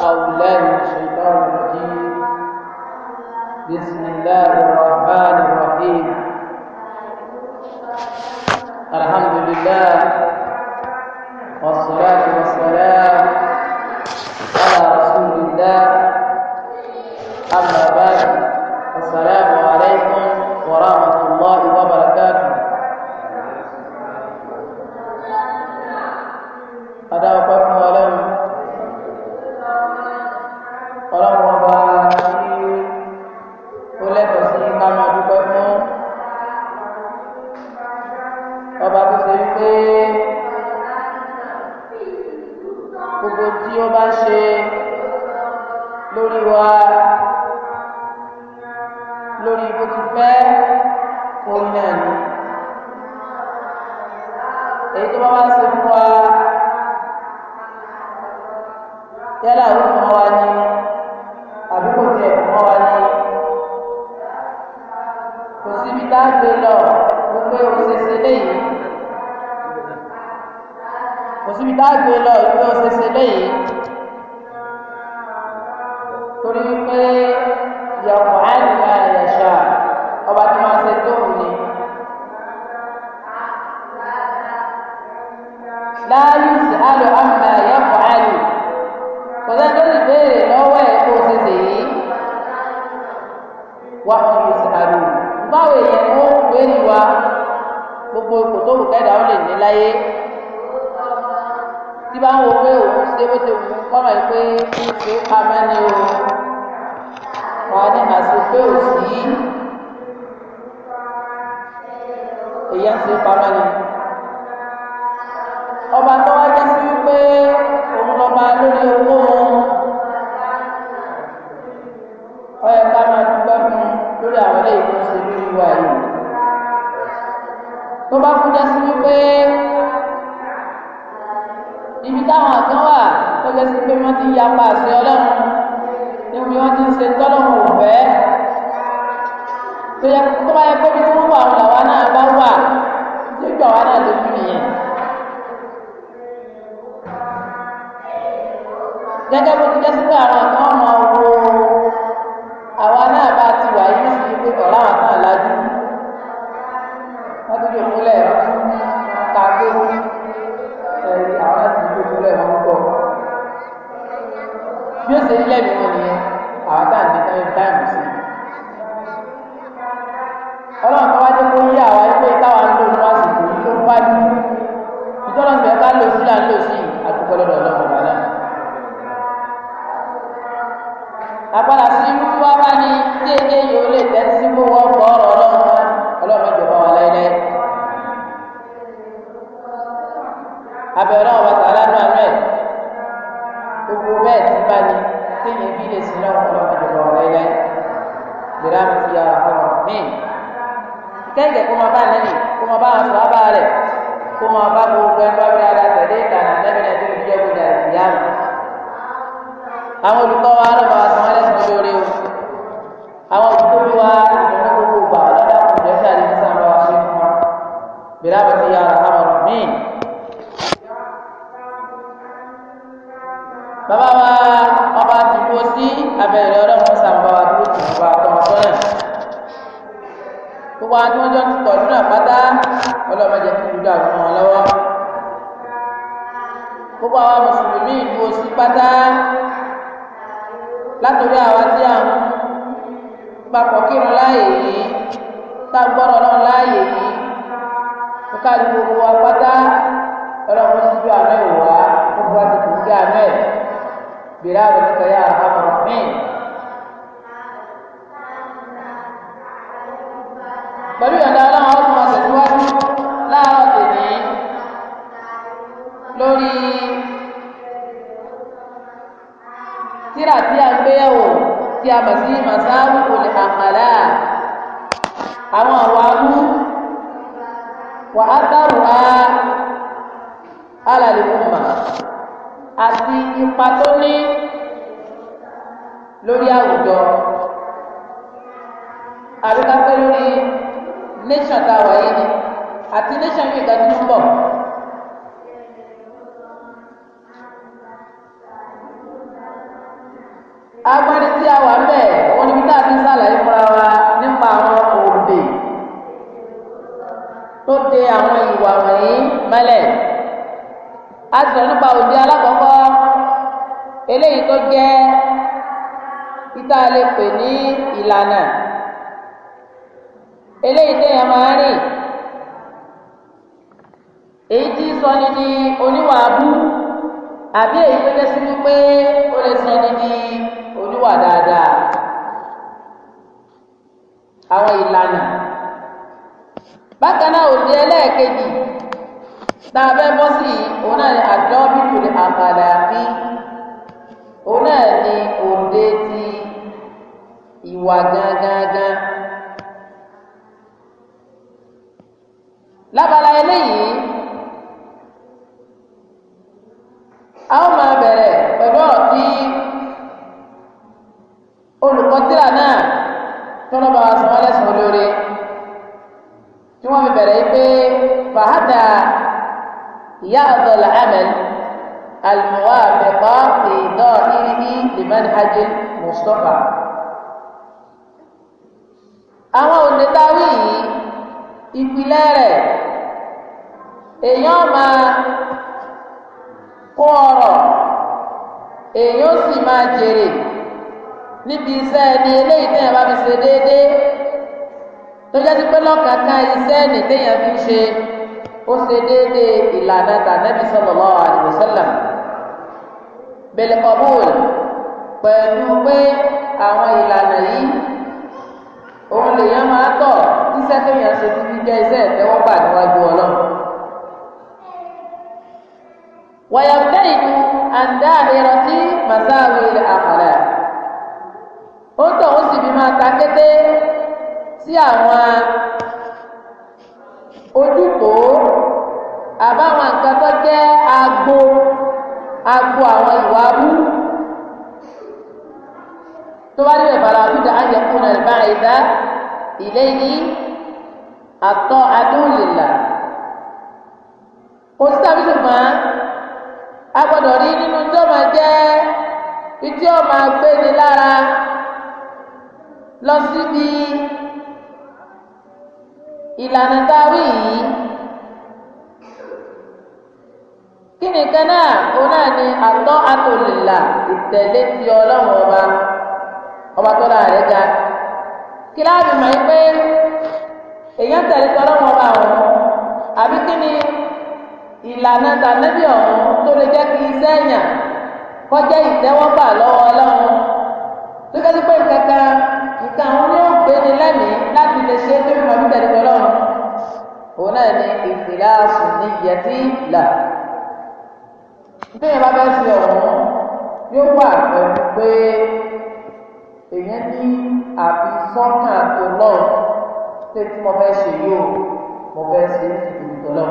أعوذ بالله من الشيطان الرجيم بسم الله الرحمن الرحيم الحمد لله lórí àwọn eléyìí tó ń ṣe lórí wa yìí tó bá kú jásí wípé ibi táwọn kan wà tó jásí pé wọ́n ti ya pa àṣẹ ọlọ́run níbi wọ́n ti ń ṣe tọ́lọ́run ọ̀fẹ́ tó yẹ tó bá yẹ pé bí tí wọ́n wà làwa náà bá wà tó gbà wá náà lójú nìyẹn. gẹ́gẹ́ bó ti jásí pé àwọn kan káàdì gbogbo wa pátá ọlọ́run ti ju àná ìwà gbogbo wa ti kù sí àná ẹ̀ bìrá àbẹ̀tẹ̀kọ̀ yà á bàbà mí. pẹ̀lú ìyọ̀nda ọlọ́run ọdún wa tẹ̀síwájú láàárọ̀ tèmi lórí tíra tí a gbé yẹ̀wò tí a mọ̀ sí masáwù olè àmàlà àwọn àwọn abú wà á dárò á alàlè ọmọ àti ipa tó ní lórí àwùjọ àbíkápẹ́ lórí nation tá a wà yìí ni àti nation yìí kan ń bọ̀. agbani tí a wà ń bẹ̀ wọ́n níbi tá a ti ń sàlàyé fún. tó de àwọn ìwà wọ̀nyí mọ́lẹ̀ a sọ̀rọ̀ nípa òde alákọ̀ọ́kọ́ eléyìí tó jẹ́ títà lè pè ní ìlànà eléyìí téèyàn máa ń rìn èyí tí sọni di oníwà abú àbí èyí tó jẹ́ sí wípé ó lè sọni di oníwà dáadáa àwọn ìlànà bákan náà òbí ẹlẹ́ẹ̀kejì tá a fẹ́ bọ́ sí yìí òun náà ni àjọ bíbù ní àbàlẹ̀ àbí òun náà ni òde ti ìwà gangan. lábala eléyìí a ó máa bẹ̀rẹ̀ pẹ̀lú ọ̀rọ̀ tí olùkọ́ tíra náà tọ́lọ́ba wa sọ wọ́n lẹ́sùn bẹ̀rẹ̀ pé fàhádà ìyá àdọ̀là àmẹ́lì àlùmọ́wàbẹ̀kọ́ ìdọ́ ìrírí ìmọ̀nìhajì mùsùlùmá. àwọn onítàwí yìí ìpìlẹ̀ rẹ̀ èèyàn máa kó ọrọ̀ èèyàn sì máa jèrè níbi iṣẹ́ ẹni eléyìí tẹ́ bá fi ṣe déédéé tó jẹ́ pé lọ́kàkán iṣẹ́ ẹ̀nì téèyàn fi ń ṣe ó ṣe déédéé ìlànà tànẹ́bí sallallahu alaihi wasallam bil qabul pẹ̀lú pé àwọn ìlànà yìí òun lèèyàn máa tọ̀ tíṣẹ́ téèyàn ṣe ti fi jẹ́ iṣẹ́ ìtẹ́wọ́gbà níwájú ọlọ́run. ويبتعد عن دائرة مساوي الأخلاق. ó tọ̀ ó sì fi máa ta kété sí àwọn ojúkò àbáwọn nǹkan tó jẹ́ agbo agbo àwọn ìwà mú tó bá nílẹ̀ bàrà àbúdà ayẹ̀kùn náà bá ẹ̀dá ilé ní àtọ́ adóòlèlà kò sí tàbí ṣùgbọ́n a gbọ́dọ̀ rí nínú tí ó máa jẹ́ tí ó máa lára lọ síbi ìlànà tá a wí yìí kí nìkan náà òun náà ni àtọ́ àtòlìlà ìtẹ̀lé ti ọlọ́run ọba ọba tó lára rẹ̀ ga kíláàbì máa ń pé èèyàn tẹ̀lé ti ọlọ́run ọba ọ̀hún àbí kí ni ìlànà tànẹ́bí ọ̀hún tó lè jẹ́ kí iṣẹ́ èèyàn kọjá ìtẹ́wọ́gbà lọ́wọ́ ọlọ́run tó kẹ́sí pé nǹkan kan nǹkan àwọn ní ògbé ni lẹ́mìí láti lè ṣe tó ìrọ̀lú tẹ̀lé ọlọ́run òun náà ni ìpìlẹ̀ àsùn ní ìyẹtí là nítorí bá bẹ́ẹ̀ ṣe ọ̀hún yóò wà pẹ̀lú pé èèyàn ní àbí sọ́kàn tó lọ́ọ̀ pé tí mo fẹ́ ṣe yóò mo fẹ́ ṣe ìdùnnú tó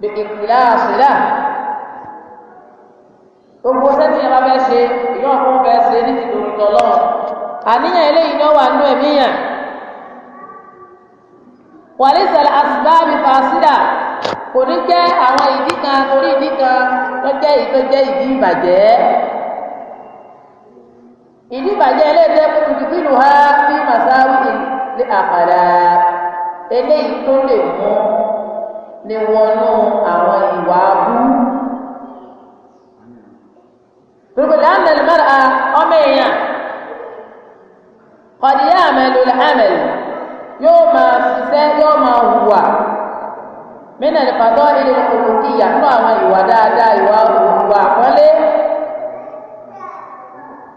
bí ìpìlẹ̀ àsùn là gbogbo sẹ́ni ìyẹn bá bẹ́ẹ̀ ṣe ìyọ́n fún ṣe ní ìdùnnú tó a eleyi ni ó wà nínú ẹ̀mí yàn wàlẹ́sẹ̀ asibáàbí fàásídà kò ní jẹ́ àwọn ìdí kan torí ìdí kan tó jẹ́ ìdí tó jẹ́ ìdí ìdí eléyìí tó ha fi màsáwì ní àpàdà eléyìí tó lè mú ni wọnú àwọn ìwà abú. da àndẹ̀lẹ̀ mẹ́ra ọmọ ya. kọ̀díyà àmẹ́lò àmẹ́lò yóò máa ṣiṣẹ́ yóò máa hùwà mínà ìpàtọ́ ilé kòkòrò kí ìyàtọ̀ àwọn ìwà dáadáa ìwà òwò àkọ́lé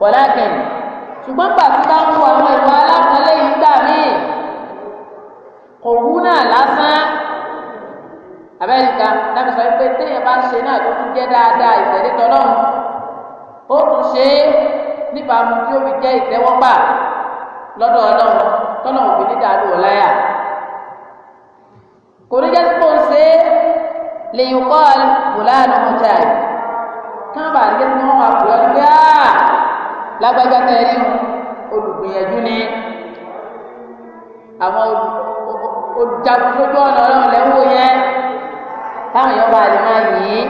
wọ̀lákẹ́ni ṣùgbọ́n pàtó bá ń wo àwọn ìwà alákọ́lé yìí gbà míì kò wú náà lásán abẹ́ríkà láti sọ pé téèyàn bá ṣe náà tó tún jẹ́ dáadáa ìtẹ̀lé tọ́lọ́run ó tún ṣe é níbàámu tí ó fi jẹ́ ìtẹ́wọ́gbà lọ́dọ̀ ọlọ́run tọ́lọ̀ òfin ní dàlú ọ̀láyà kò ní jẹ́ tí mò ń ṣe é lè yí kọ́ bùláàlú mọ́tà yìí káàbà ní jẹ́ tí wọ́n máa pè ọ́ ní pé áà lágbájá tẹ̀lé olùgbìyànjú ni àwọn olùjagun ọlọ́run lẹ́wọ́ yẹn táwọn èèyàn bá lè máa yìn ín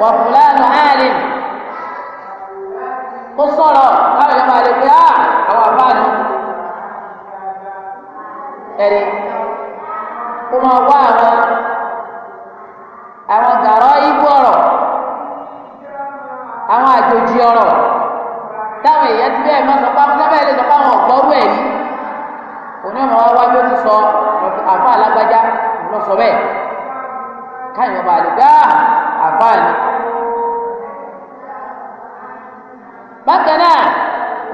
wà fúláàlú kó sọ̀rọ̀ káwọn èèyàn máa lè pé á ah, àwọn àbáàdì ẹ̀rí kó máa wá àwọn àwọn gàrọ́ ibú ọ̀rọ̀ àwọn àjòjì ọ̀rọ̀ táwọn èèyàn ti bẹ́ẹ̀ máa sọ pé àwọn sábẹ́ lè sọ pé àwọn ọ̀gbọ́rú ẹ̀ yìí òní ọmọ wa wá bí ó ti sọ àfa alágbájá lọ sọ bẹ́ẹ̀ káyọ̀ máa lè gbá ah, àfa ni.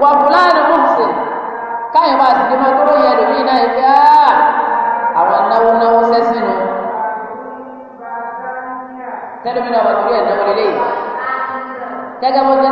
wà fúláàni mùsùn káyọ̀ máa sì lè máa tó lóye ẹlòmíì náà ìfẹ́ àwọn náwó náwó sẹ́sìn nù tẹ́lẹ̀mí náà wọ́n ti ẹ̀ náwó lélẹ́yìí gẹ́gẹ́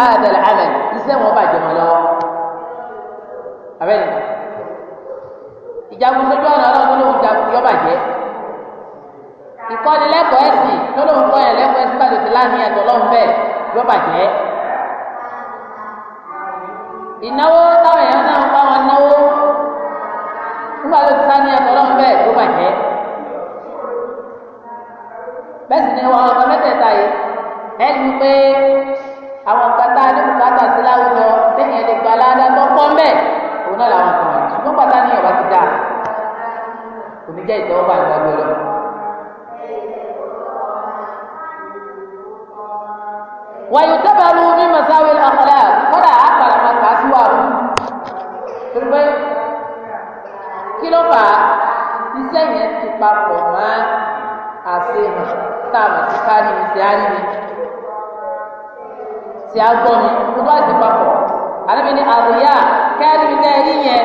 هذا العمل iṣẹ́ wọn bàjẹ́ wọn lọ́wọ́ abẹ́ni ìjagun sójú ọ̀nà ọlọ́run ló ń jagun yọ bàjẹ́ ìkọ́ni lẹ́kọ̀ọ́ ẹ̀sìn lọ́lọ́run kọ́ ẹ̀ lẹ́kọ̀ọ́ ẹ̀sìn bàjẹ́ ti láàmì ẹ̀tọ́ lọ́run bẹ́ẹ̀ yọ bàjẹ́ ìnáwó táwọn èèyàn náà ń bá wọn náwó nígbà tó ti sáni ẹ̀tọ́ lọ́run bẹ́ẹ̀ yọ bàjẹ́ bẹ́ẹ̀ sì ni wọn ọ̀gá mẹ́tẹ̀ẹ̀ta yìí ẹ̀ ń pé fi jẹ́ ìtẹ́wọ́gbà níwájú ọlọ́run. wàyí tábàlù ní masáwìl àkàlà kọ́dà àpàlà màkà síwájú. pẹ̀lú kí ló fà á iṣẹ́ yẹn ti papọ̀ mọ́ àṣehàn táàmù sí káàdì mi sí àárín mi sí mi mo bá ti papọ̀ àdébí ni àríyá kẹ́ẹ́dì mi dẹ́ ẹ̀rí yẹn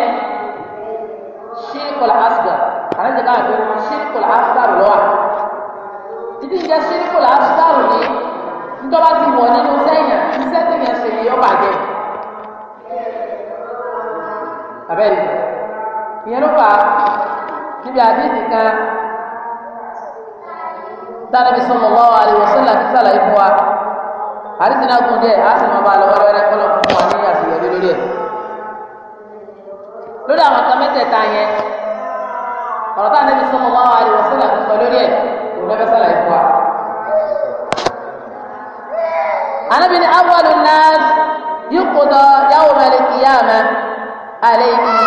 ṣé kọ́lá asgard àlejò káàkiri wọn ṣírkù làásítàrù lọ́wọ́ títí ìjẹ́ ṣírkù làásítàrù ni ntọ́ba ti wọ̀ nínú sẹ́yìn iṣẹ́ tí yẹn ṣe yọ bàjẹ́ abẹ́rẹ́ ìyẹn ló fà á níbi àdéhìí kan tánàbí sallallahu alaihi wasallam ti sàlàyé fún wa àdéhìí náà gùn díẹ̀ á sì máa bá a lọ wẹ́rẹ́wẹ́rẹ́ kọ́lọ́ fún wa ní àṣeyọrí lórí ẹ̀ lórí àwọn kan mẹ́tẹ̀ẹ̀ta yẹn ọ̀rọ̀ tá ànábì sallallahu alaihi wasallam tó sọ lórí ẹ̀ òun lọ́fẹ́ sàlàyé fún wa. ànábì ní awwalun nas yuqda yawmal qiyamah alayhi.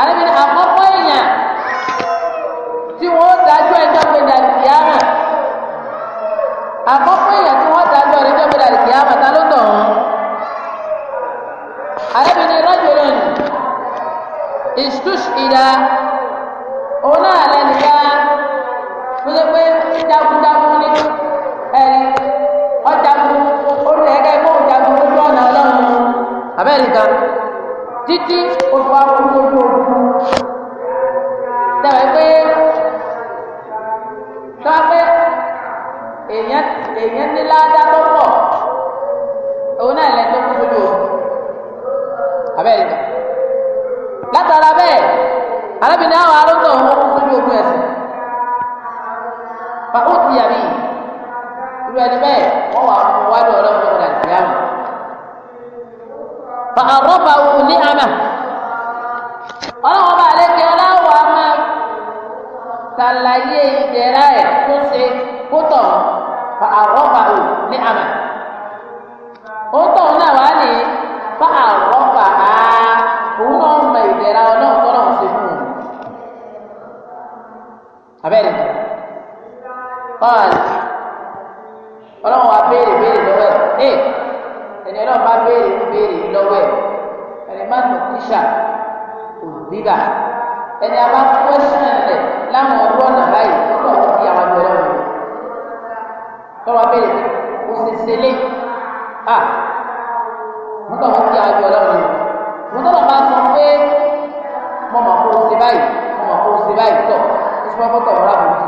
ànábì ní àkọ́kọ́ èèyàn tí wọ́n dájú ẹjọ́ pé dàlùkìyàmà àkọ́kọ́ èèyàn tí wọ́n dájú ẹjọ́ pé dàlùkìyàmà ta ló tọ̀ wọ́n. ànábì ní rajulun istushhida. quatro su'al ọlọ́run wa béèrè béèrè lọ́wọ́ ẹ̀ ẹni ọlọ́run bá béèrè béèrè lọ́wọ́ ẹ̀ ẹni má tó tíṣà kò bíbà ẹni a bá fọ́ sàn rẹ̀ láwọn ọdún ọ̀nà báyìí lọ́wọ́ wọn bí àwọn ọdún ọ̀nà lọ́wọ́ béèrè kò sì ṣẹlẹ̀ à wọ́n tọ̀ wọ́n bí àwọn ọdún ọ̀nà wọ́n tọ̀ bá sọ pé mọ̀mọ́ kó o ṣe báyìí mọ̀mọ́ kó o ṣe báyìí tọ̀ ó sì fọ́ fọ́tọ̀ ọ̀rọ̀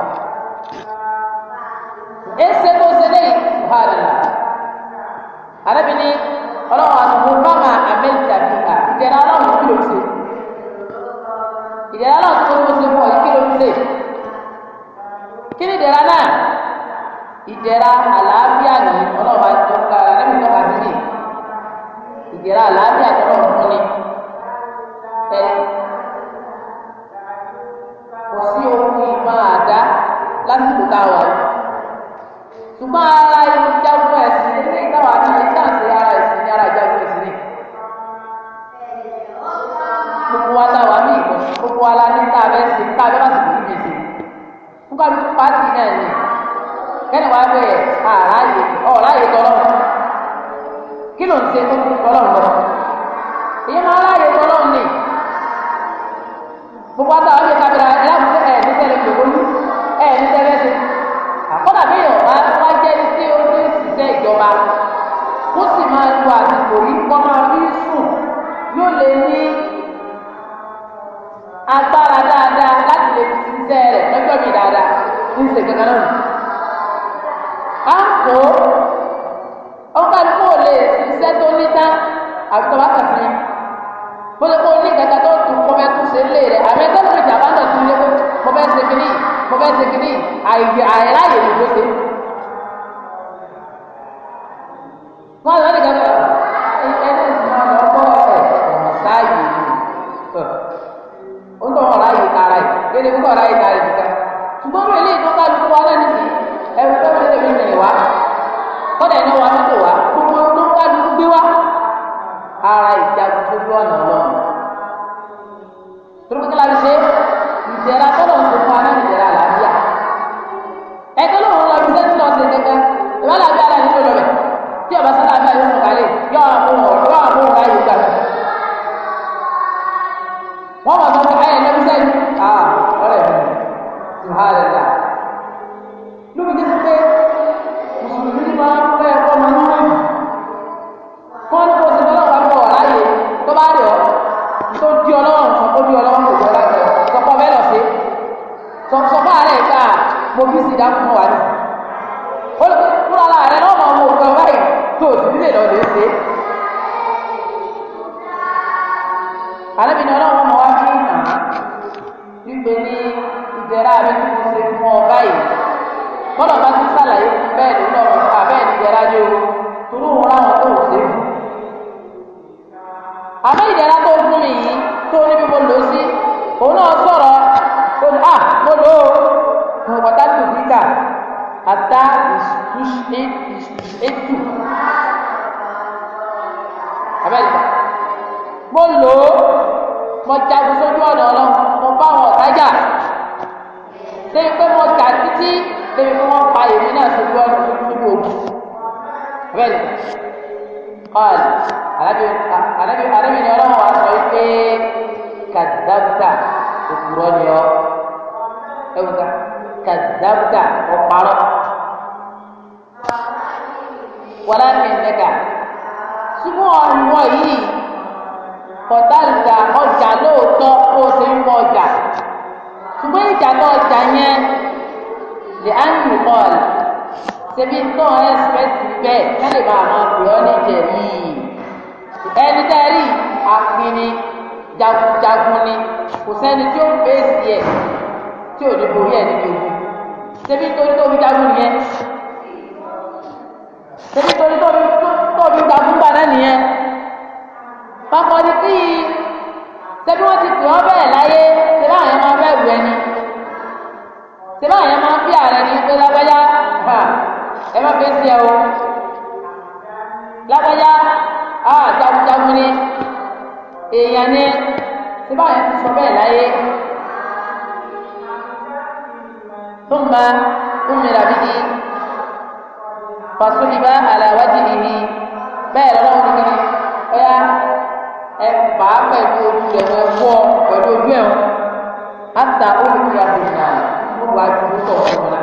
Get out kíní mo fẹ́ ṣe kíní àìláyè ìgbésẹ̀ ìjà tó ọjà yẹn lè á nù kọ́ọ̀lù ṣebí tó ọ̀rẹ́ ẹ̀sìpẹ́sì bẹ́ẹ̀ ká lè máa máa pè ọ́ níjẹ̀ yìí ẹni tẹ́ rí àpinni jagunjagun ni kò sẹ́ni tí ó ń fèsì ẹ̀ tí ò ní borí ẹ̀ níbi ogun ṣebí torí tó fi jagun yẹn ṣebí torí tó fi jagun gbà náà nìyẹn pápọ̀ ni kí ṣebí wọ́n ti pè ọ́ bẹ́ẹ̀ láyé ṣebí àwọn ẹ̀ máa bẹ́ẹ̀ wù ẹni sèbá yẹn máa fi ààrẹ ní pé lágbájá ha ẹ má fi sí ẹ o lágbájá a jagunjagun ni èèyàn ni sèbá yẹn ti sọ bẹ́ẹ̀ láyé tó ń bá ń mìíràn bí di fasoliba alawadi nìyí bẹ́ẹ̀ lọ́wọ́ nìkan ọ̀yá ẹ fà pẹ̀lú ojú ẹ̀ wọ́ pẹ̀lú ojú ẹ̀ wọ́n á ta náà wọ́n wá ju púpọ̀ fún wọn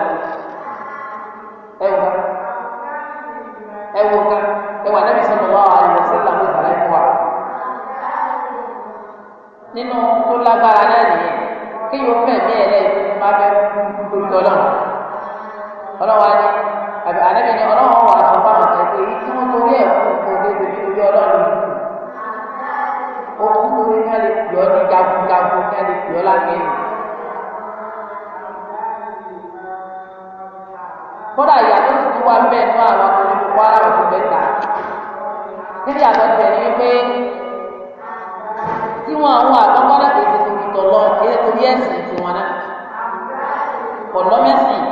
ẹ wò ẹ wò ká ẹ wà lẹ́bi sọ́nà wà á lọ sí ìlànà ìsàlẹ̀ fún wa nínú tó lágbára náà nìyẹn kí yóò fẹ́ mí ẹ̀ lẹ́yìn tó bá fẹ́ lórí ọlọ́run ọlọ́run á ní àbí àlẹ́bi ni ọlọ́run wà á bá wọn kẹ́ pé èyí tí wọ́n torí ẹ̀ fún òde bèbí lórí ọlọ́run ó kú lórí kálí pìọ́ ní gagun gagun kálí pìọ́ lágbẹ́yìn. kódà ìyàtọ̀ tuntun wà bẹ́ẹ̀ nínú àwọn ọkùnrin kókó aláwọ̀ tó bẹ́ẹ̀ ta níbi àtọ̀tẹ̀ ni wípé tí wọn àwọn àtọ́kọ́ láti ṣe tóbi tọ̀lọ́ ilé torí ẹ̀sìn ti wọn náà kọ̀lọ́mẹ́sìn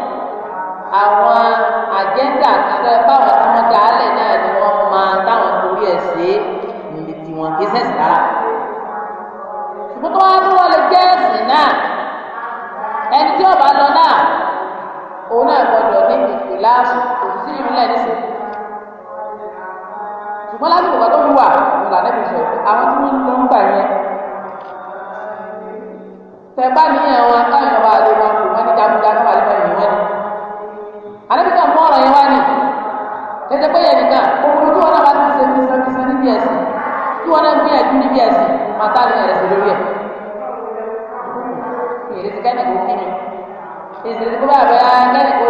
àwọn àjẹ́ńdà àtàlẹ́ báwọn tí wọ́n dá alẹ̀ náà ni wọ́n máa táwọn torí ẹ̀ ṣe é níbi tí wọ́n ti ṣẹ̀ṣì rárá ṣùgbọ́n tó wá ní wọ́n lè náà ẹni tí ọba lọ náà aṣọ òtún sí ìrìnlẹ̀ nísìn ṣùgbọ́n láti bàbá tó ń wà ní lànàbí sọ àwọn tí wọ́n lọ ń gbà yẹn tẹ̀bá níyàn wọn táwọn ìjọba àlè wọn kò wọ́n ní jagunjagun àlè wọn yìí wọ́n ní. àlẹ́bí kan mú ọ̀rọ̀ yẹn wá ní kẹsẹ̀ pé yẹn nìkan òkú tí wọn náà bá ti ṣe bisanbisan níbi ẹ̀sìn tí wọn náà gbìyànjú níbi ẹ̀sìn màtá ní ẹ̀sìn lórí ẹ̀ ìrètí kẹ́nìkó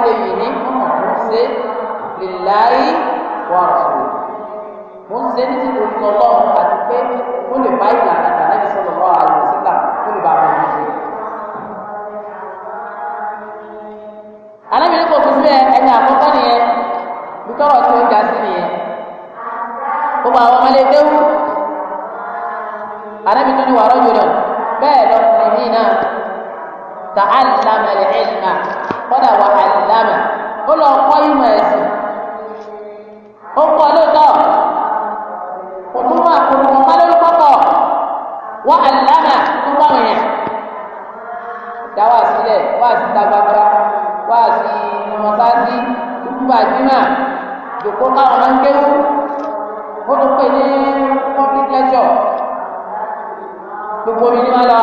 kí ṣe lillahi wa rasul mo ń ṣe ní ti torí ọlọ́run àti pé mo lè bá ìlànà àdáyé sọ̀rọ̀ lọ́wọ́ àwọn síta mo lè bá àwọn ọmọ ṣe. alábìrin kò tún sí ẹni àkọ́kọ́ nìyẹn bí tọ́rọ̀ tí ó ga sí nìyẹn gbogbo àwọn ọmọ ilé déwù anabi tó ní wàá rọ́jò bẹ́ẹ̀ lọkùnrin yìí náà ta'allama al-ilma kọ́dà wà á lámà ó lọ kọ́ ìmọ̀ ẹ̀sìn ó kọ́ lóòótọ́ kò tún wà kò tún wọ́n lórí pọ́pọ̀ wọ́n àlùlámà tó bá wọn yàn dá wà sílẹ̀ wà sí tagbagba wà sí mọ̀sáàsì ìdúgbà jimá jòkó káwọn máa ń kéwú ó tún pè ní public gbogbo mi ni wọ́n lọ.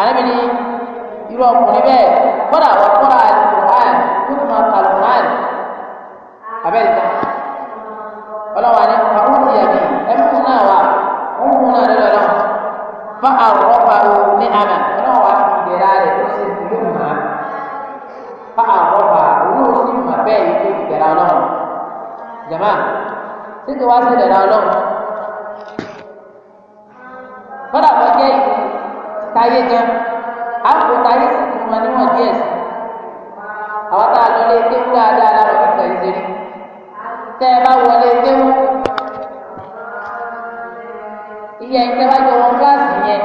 Àlẹ́ ni irú ọkùnrin bẹ́ẹ̀ kọ́dà wọ́n kọ́ra alukur'an kúrò máa ka alukur'an abẹ́rẹ́ ta ọlọ́wà ni àwọn ti yà mí ẹ̀mí fún náà wà ó ń fún náà lọ́dọ̀ náà fa àrọ́pà o wọlé kéwú dáadáa lára ọ̀gbìn pẹ̀lú ìdérí tẹ́ ẹ bá wọlé kéwú ìyẹn tẹ́ bá jọ wọn kíláàsì yẹn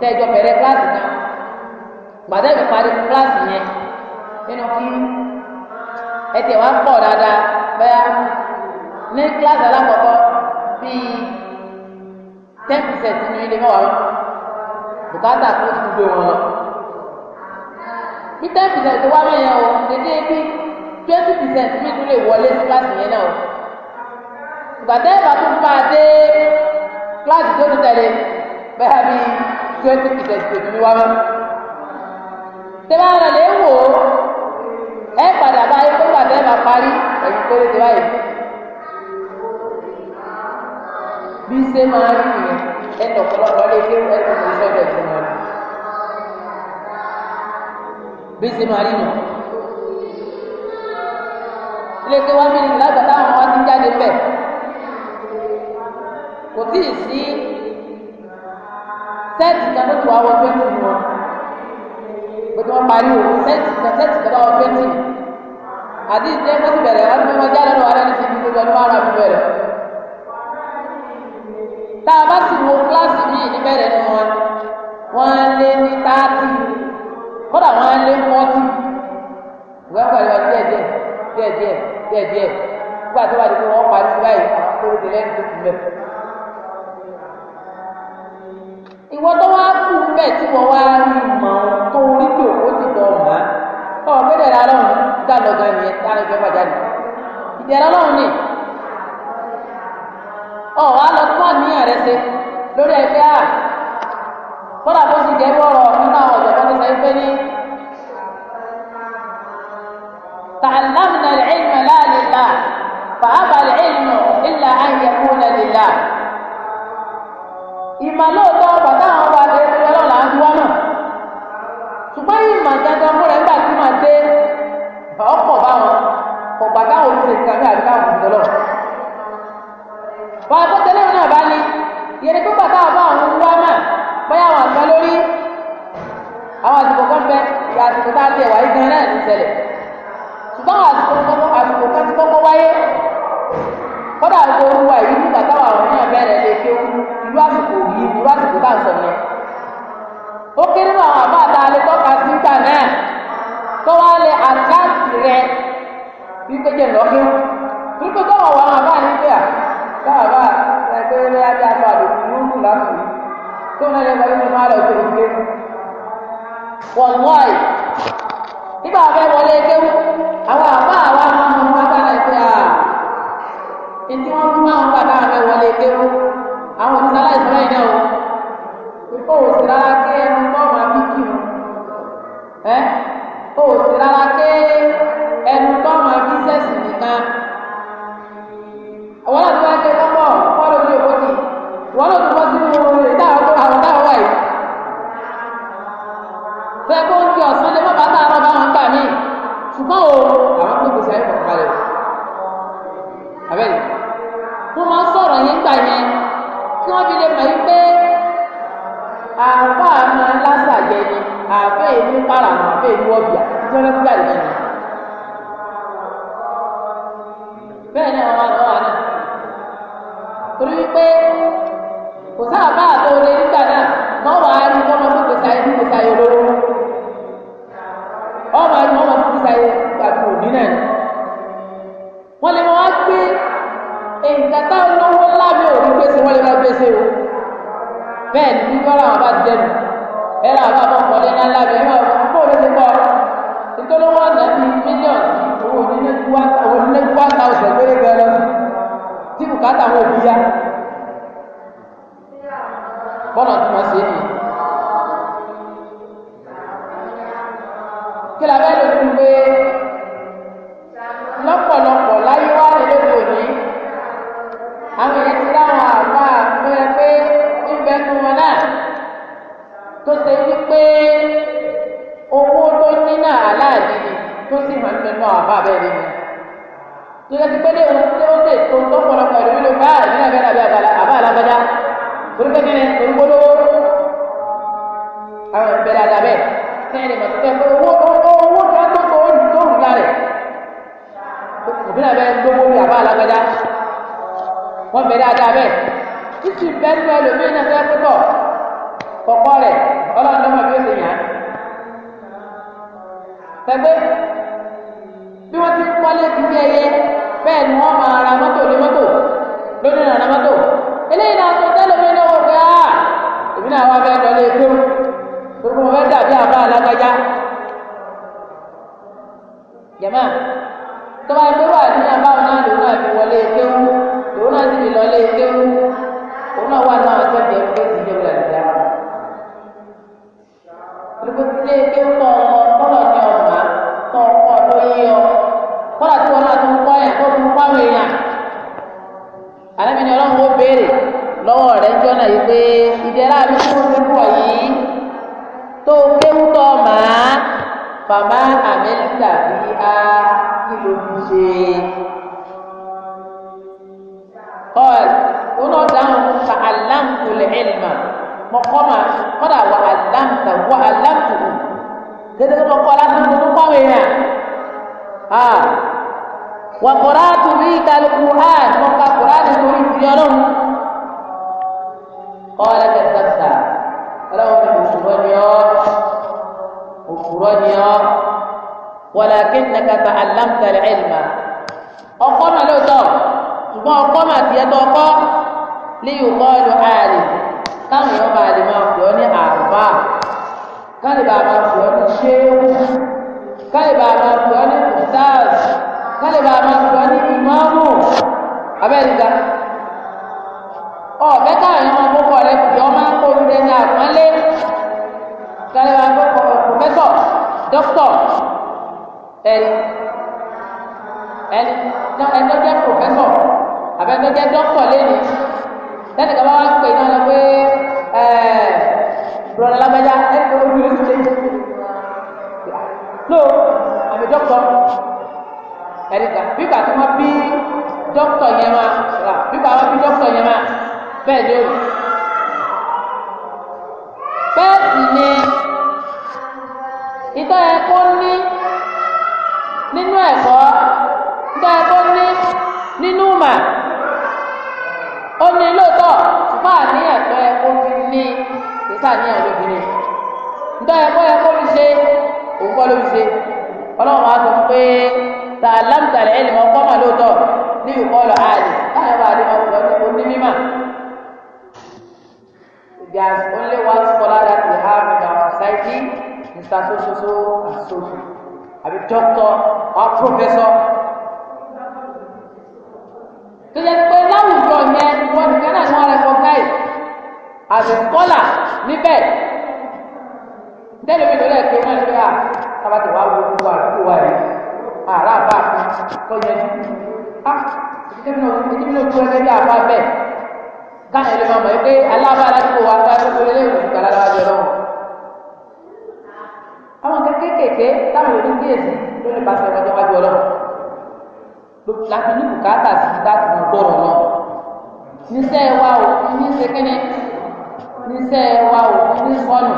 tẹ́ ẹ jọ bẹ̀rẹ̀ kíláàsì kan gbàdá ìlú parí kíláàsì yẹn nínú kí ẹ tẹ̀ wá pọ̀ dáadáa bẹ́ẹ̀ ní kíláàsì alákọ̀ọ́kọ́ bíi ten percent nínú ilé mọ́wàá bùkátà kó tún gbé wọn lọ bí ten percent wá mẹ́yàn o dédé bí twenty percent mi tún lè wọlé sí kíláàsì yẹn náà o ìgbà tẹ́lẹ̀ bá tún bá a dé kíláàsì tó tún tẹ̀lé bẹ́ẹ̀ bí twenty percent tó tún wá mọ́ tẹ́lẹ̀ rẹ̀ lè wò ó ẹ padà bá yẹ kó gbà tẹ́lẹ̀ bá parí ẹ̀yìn péré ti wáyé bí ṣe máa rí nìyẹn ẹ̀ tọ̀pọ̀lọpọ̀ lè dé ẹ̀ tó tẹ̀lé sọ́dọ̀ ìṣẹ̀lẹ̀. bí ṣe máa rí nù. ilé tí wọ́n fi ní láti táwọn wọn ti jáde bẹ̀ kò tí ì sí sẹ́ẹ̀tì kan tó ti wá twenty ni wọn pé tí wọ́n parí o sẹ́ẹ̀tì kan sẹ́ẹ̀tì kan tó wọ twenty ni àti ìdílé wọ́n ti bẹ̀rẹ̀ wọ́n ti fẹ́ wọn jáde lọ́wọ́ alẹ́ ní ti fi gbogbo ọdún márùn-ún àti bẹ̀rẹ̀ tá a bá sì wo kíláàsì míì níbẹ̀rẹ̀ ni wọn wọ́n lé ní táàtì. kọ́dà wọn lé yọ wọn parí àwọn akérèdè lẹ́nu tó kù mẹ́. ìwọ tó wá kú bẹ́ẹ̀ tí wọ́n wá rí mọ̀ tó rí tó o ti bọ̀ mọ́ ọ gbẹ́dẹ̀ rà lọ́hùn nígbà lọ́gàn yẹn tára ìfẹ́ bàjá ni ìdẹ̀rẹ̀ lọ́hùn ni ọ̀ wá lọ tó àníyàn lórí àá. kódà tó ti gẹ̀ẹ́rú ọ̀rọ̀ nínú àwọn ọ̀jọ̀gbọ́n ní sẹ́yìn pé ní. تعلمنا العلم لا لله فأبى العلم إلا أن يكون لله ìmọ̀ lóòótọ́ ọ̀pọ̀ táwọn ọba ẹgbẹ́ ọlọ́run là ń wọ́n náà ṣùgbọ́n ìmọ̀ gangan fúnra nígbà tí màá dé ọkọ̀ bá wọn ọ̀gbà táwọn olùsè kàmí àti káwọn òṣìṣẹ́ lọ. tẹ́lẹ̀ náà bá ní yẹnì bóyá àwọn àgbà lórí àwọn àsìkò kan bẹ ìyá àsìkò tá a ti ẹ̀wà igan náà ní ṣẹlẹ̀ ṣùgbọ́n àsìkò kọ́kọ́ àsìkò kan ti kọ́kọ́ wáyé kọ́dà àgbo olúwa ìlú nígbà táwọn àwọn náà bẹ̀rẹ̀ lè ké wú irú àsìkò yìí irú àsìkò bá ń sọ yẹn ó kéré náà àwọn àbá àtàwọn alẹ́ tọ́ka sí ìgbà náà tó wá lẹ àkáǹtì rẹ wípé dóná lè wọlé nínú àlọ́ òkè òkè wọ́n wọ́ọ̀lì nígbà fẹ́ wọlé kéwù àwọn àbá àwa máa ń bá náà pé à ètí wọ́n mú máa ń gbà fẹ́ wọlé kéwù. abẹ́rẹ́ fúlà yìí náà bẹ́ẹ̀ ni àwọn àgbà wà náà torí wípé kò sáà bá àtọ́ òde nígbà náà mọ́ wàá rí wọ́n máa fún gbèsè ayé fún gbèsè ayé olóró wọ́n máa rí wọ́n máa fún gbèsè ayé àti òní náà ni wọ́n lè máa gbé nǹkan táwọn lọ́wọ́ ńlá mi ò rí gbèsè wọ́n lè máa gbèsè o bẹ́ẹ̀ ni bí wọ́n làwọn bá dẹnu ẹ̀rọ àwọn àbọ̀ kọ́lé ńlá mi ẹ̀rọ àwọn kó o lè ti kọ́ ọ ìtọ́lọ́wọ́ àdáni mílíọ̀nù owó onílẹ̀ one thousand péré gan lọ tí bùkátà wọn ò bí yá bọ́ọ̀nà tí wọ́n ṣe é nìyí. kí la lè fún pé. bẹ́ẹ̀ ni tó yẹ ti pé ní ohun tí ó dé tó tó pọ̀lọpọ̀ ìlú ló bá ìlú náà bẹ́ẹ̀ náà bẹ́ẹ̀ bá àbá alágbádá torí pé kíni orúkọ lówó àwọn ìbẹ̀rẹ̀ àdàbẹ̀ sẹ́yìn ìmọ̀ tó tẹ́ owó owó tó tó tó tó rù lárẹ̀ òbí náà bẹ́ẹ̀ lówó bí àbá alágbádá wọ́n bẹ̀rẹ̀ àdàbẹ̀ títí bẹ́ẹ̀ ní ẹlòmíín náà fẹ́ púpọ̀ kọ̀kọ́ rẹ̀ ọlọ́run lọ́mọ bí ó ti yàn án. bẹ́ẹ̀ ni wọ́n máa ra mọ́tò ní mọ́tò lónìí ra mọ́tò eléyìí náà tó tẹ́lẹ̀ mi náà wọ́n gbé ah èmi náà wá fẹ́ lọ lé kéwù bàbá àmẹ́ríkà bí a kí ló ń ṣe. قال ونو داون تعلمت العلم مقام قرا وعلمت وعلمته كده كما قال انتم قوي ها وقرات بك القران وقرات بك القران قال كذا غفرانيا ولكنك تعلمت العلم ọkọ́ náà lóòótọ́ ṣùgbọ́n ọkọ́ máa tiẹ̀ tó ọkọ́ líyùkọ́lù ààrẹ táwọn èèyàn bá lè máa pè ọ́ ní àbá kálíbà máa pè ọ́ ní ṣéwù kálíbà máa pè ọ́ ní ustaz kálíbà máa pè ọ́ ní ìmáàmù abẹ́rìndà ọ̀bẹ káwọn máa kókó rẹ̀ pè ọ́ máa kó olú ní àpọ́nlé kálíbà máa kó dókítọ̀ ẹni ẹni ẹni tó jẹ́ pòfẹ́sọ̀ àbẹ́ tó jẹ́ dókítọ̀ lẹ́nu lẹ́nu kan bá wá pè náà lọ pé ẹ̀ẹ́ bùrọ̀dá lágbájá ẹni tó ń gbìyànjú lẹ́nu no àmì dókítọ̀ ẹni kan bíbà tí wọ́n bí dókítọ̀ yẹn máa bíbà wọ́n bí dókítọ̀ yẹn máa bẹ́ẹ̀ ni ó ni ntọ́ ẹ kó ní nínú ẹ̀kọ́ ntọ́ ẹ kó ní nínú mà ó ní lóòótọ́ ṣùgbọ́n àní ẹ̀kọ́ ẹ kó ti ní ìsà ní ẹ̀rọ obìnrin ntọ́ ẹ kó ẹ kó fi ṣe òun kọ́ ló fi ṣe ọlọ́run wa sọ pé ta lámtàlẹ́ ẹ̀ lè kọ́ mà lóòótọ́ ní ìkọlù àlè báyọ̀ bá àdé máa wọ̀ ní onímọ̀. There is only one scholar that we have in our society Mr. Sososo Asoso àbí doctor or professor. Tẹ̀lé pé láwùjọ yẹn wọ́n nìkan náà wọ́n recognize as a scholar níbẹ̀. Tẹ́lẹ̀ mi lọ́lẹ̀ pé wọ́n ṣe à tábàtì wá wo wà lóko wà yìí. Àrà bá kọ́ yẹn ní. Ah! Ìdíbi náà kúrẹ́ gẹ́gẹ́ àbá bẹ́ẹ̀. Káyọ̀ lè máa mọ̀ pé alábàárà tó wà ká lóko lélẹ́yìn ìgbàlára jọ lọ́wọ́ kéékèèké táwọn èèyàn ń kíyèsí ló lè bá ṣe ọjọ́ wájú ọlọ́run láti ní bùkátà sí láti mọ gbọ́rọ̀ náà níṣẹ́ wa ò fi ní ṣe kíní níṣẹ́ wa ò fi ní sọ́nù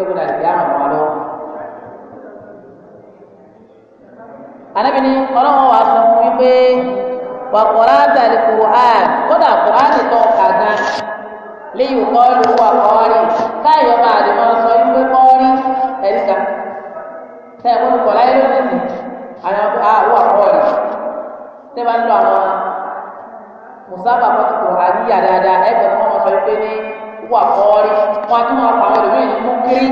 ìjọba ìdàgbé àmọ̀ wọn lọ. Ànábì ni ọlọ́run wa sọ fún mi pé wà kọ́ra dàlí kùrán kódà kùrán tó kà gan léyìn kọ́ ló wà kọ́rí táyọ̀ máa lè máa sọ wípé kọ́rí ẹ̀ríkà tẹ ẹ fún kọlá yẹn lónìí àwọn àwọn àkọọlẹ tẹ bá ń lọ àwọn mùsàbà pàtàkì àríyá dáadáa ẹgbẹ tí wọn máa sọ pé ní wà kọọrí wọn tún máa pa àwọn ẹlòmíì ní múkiri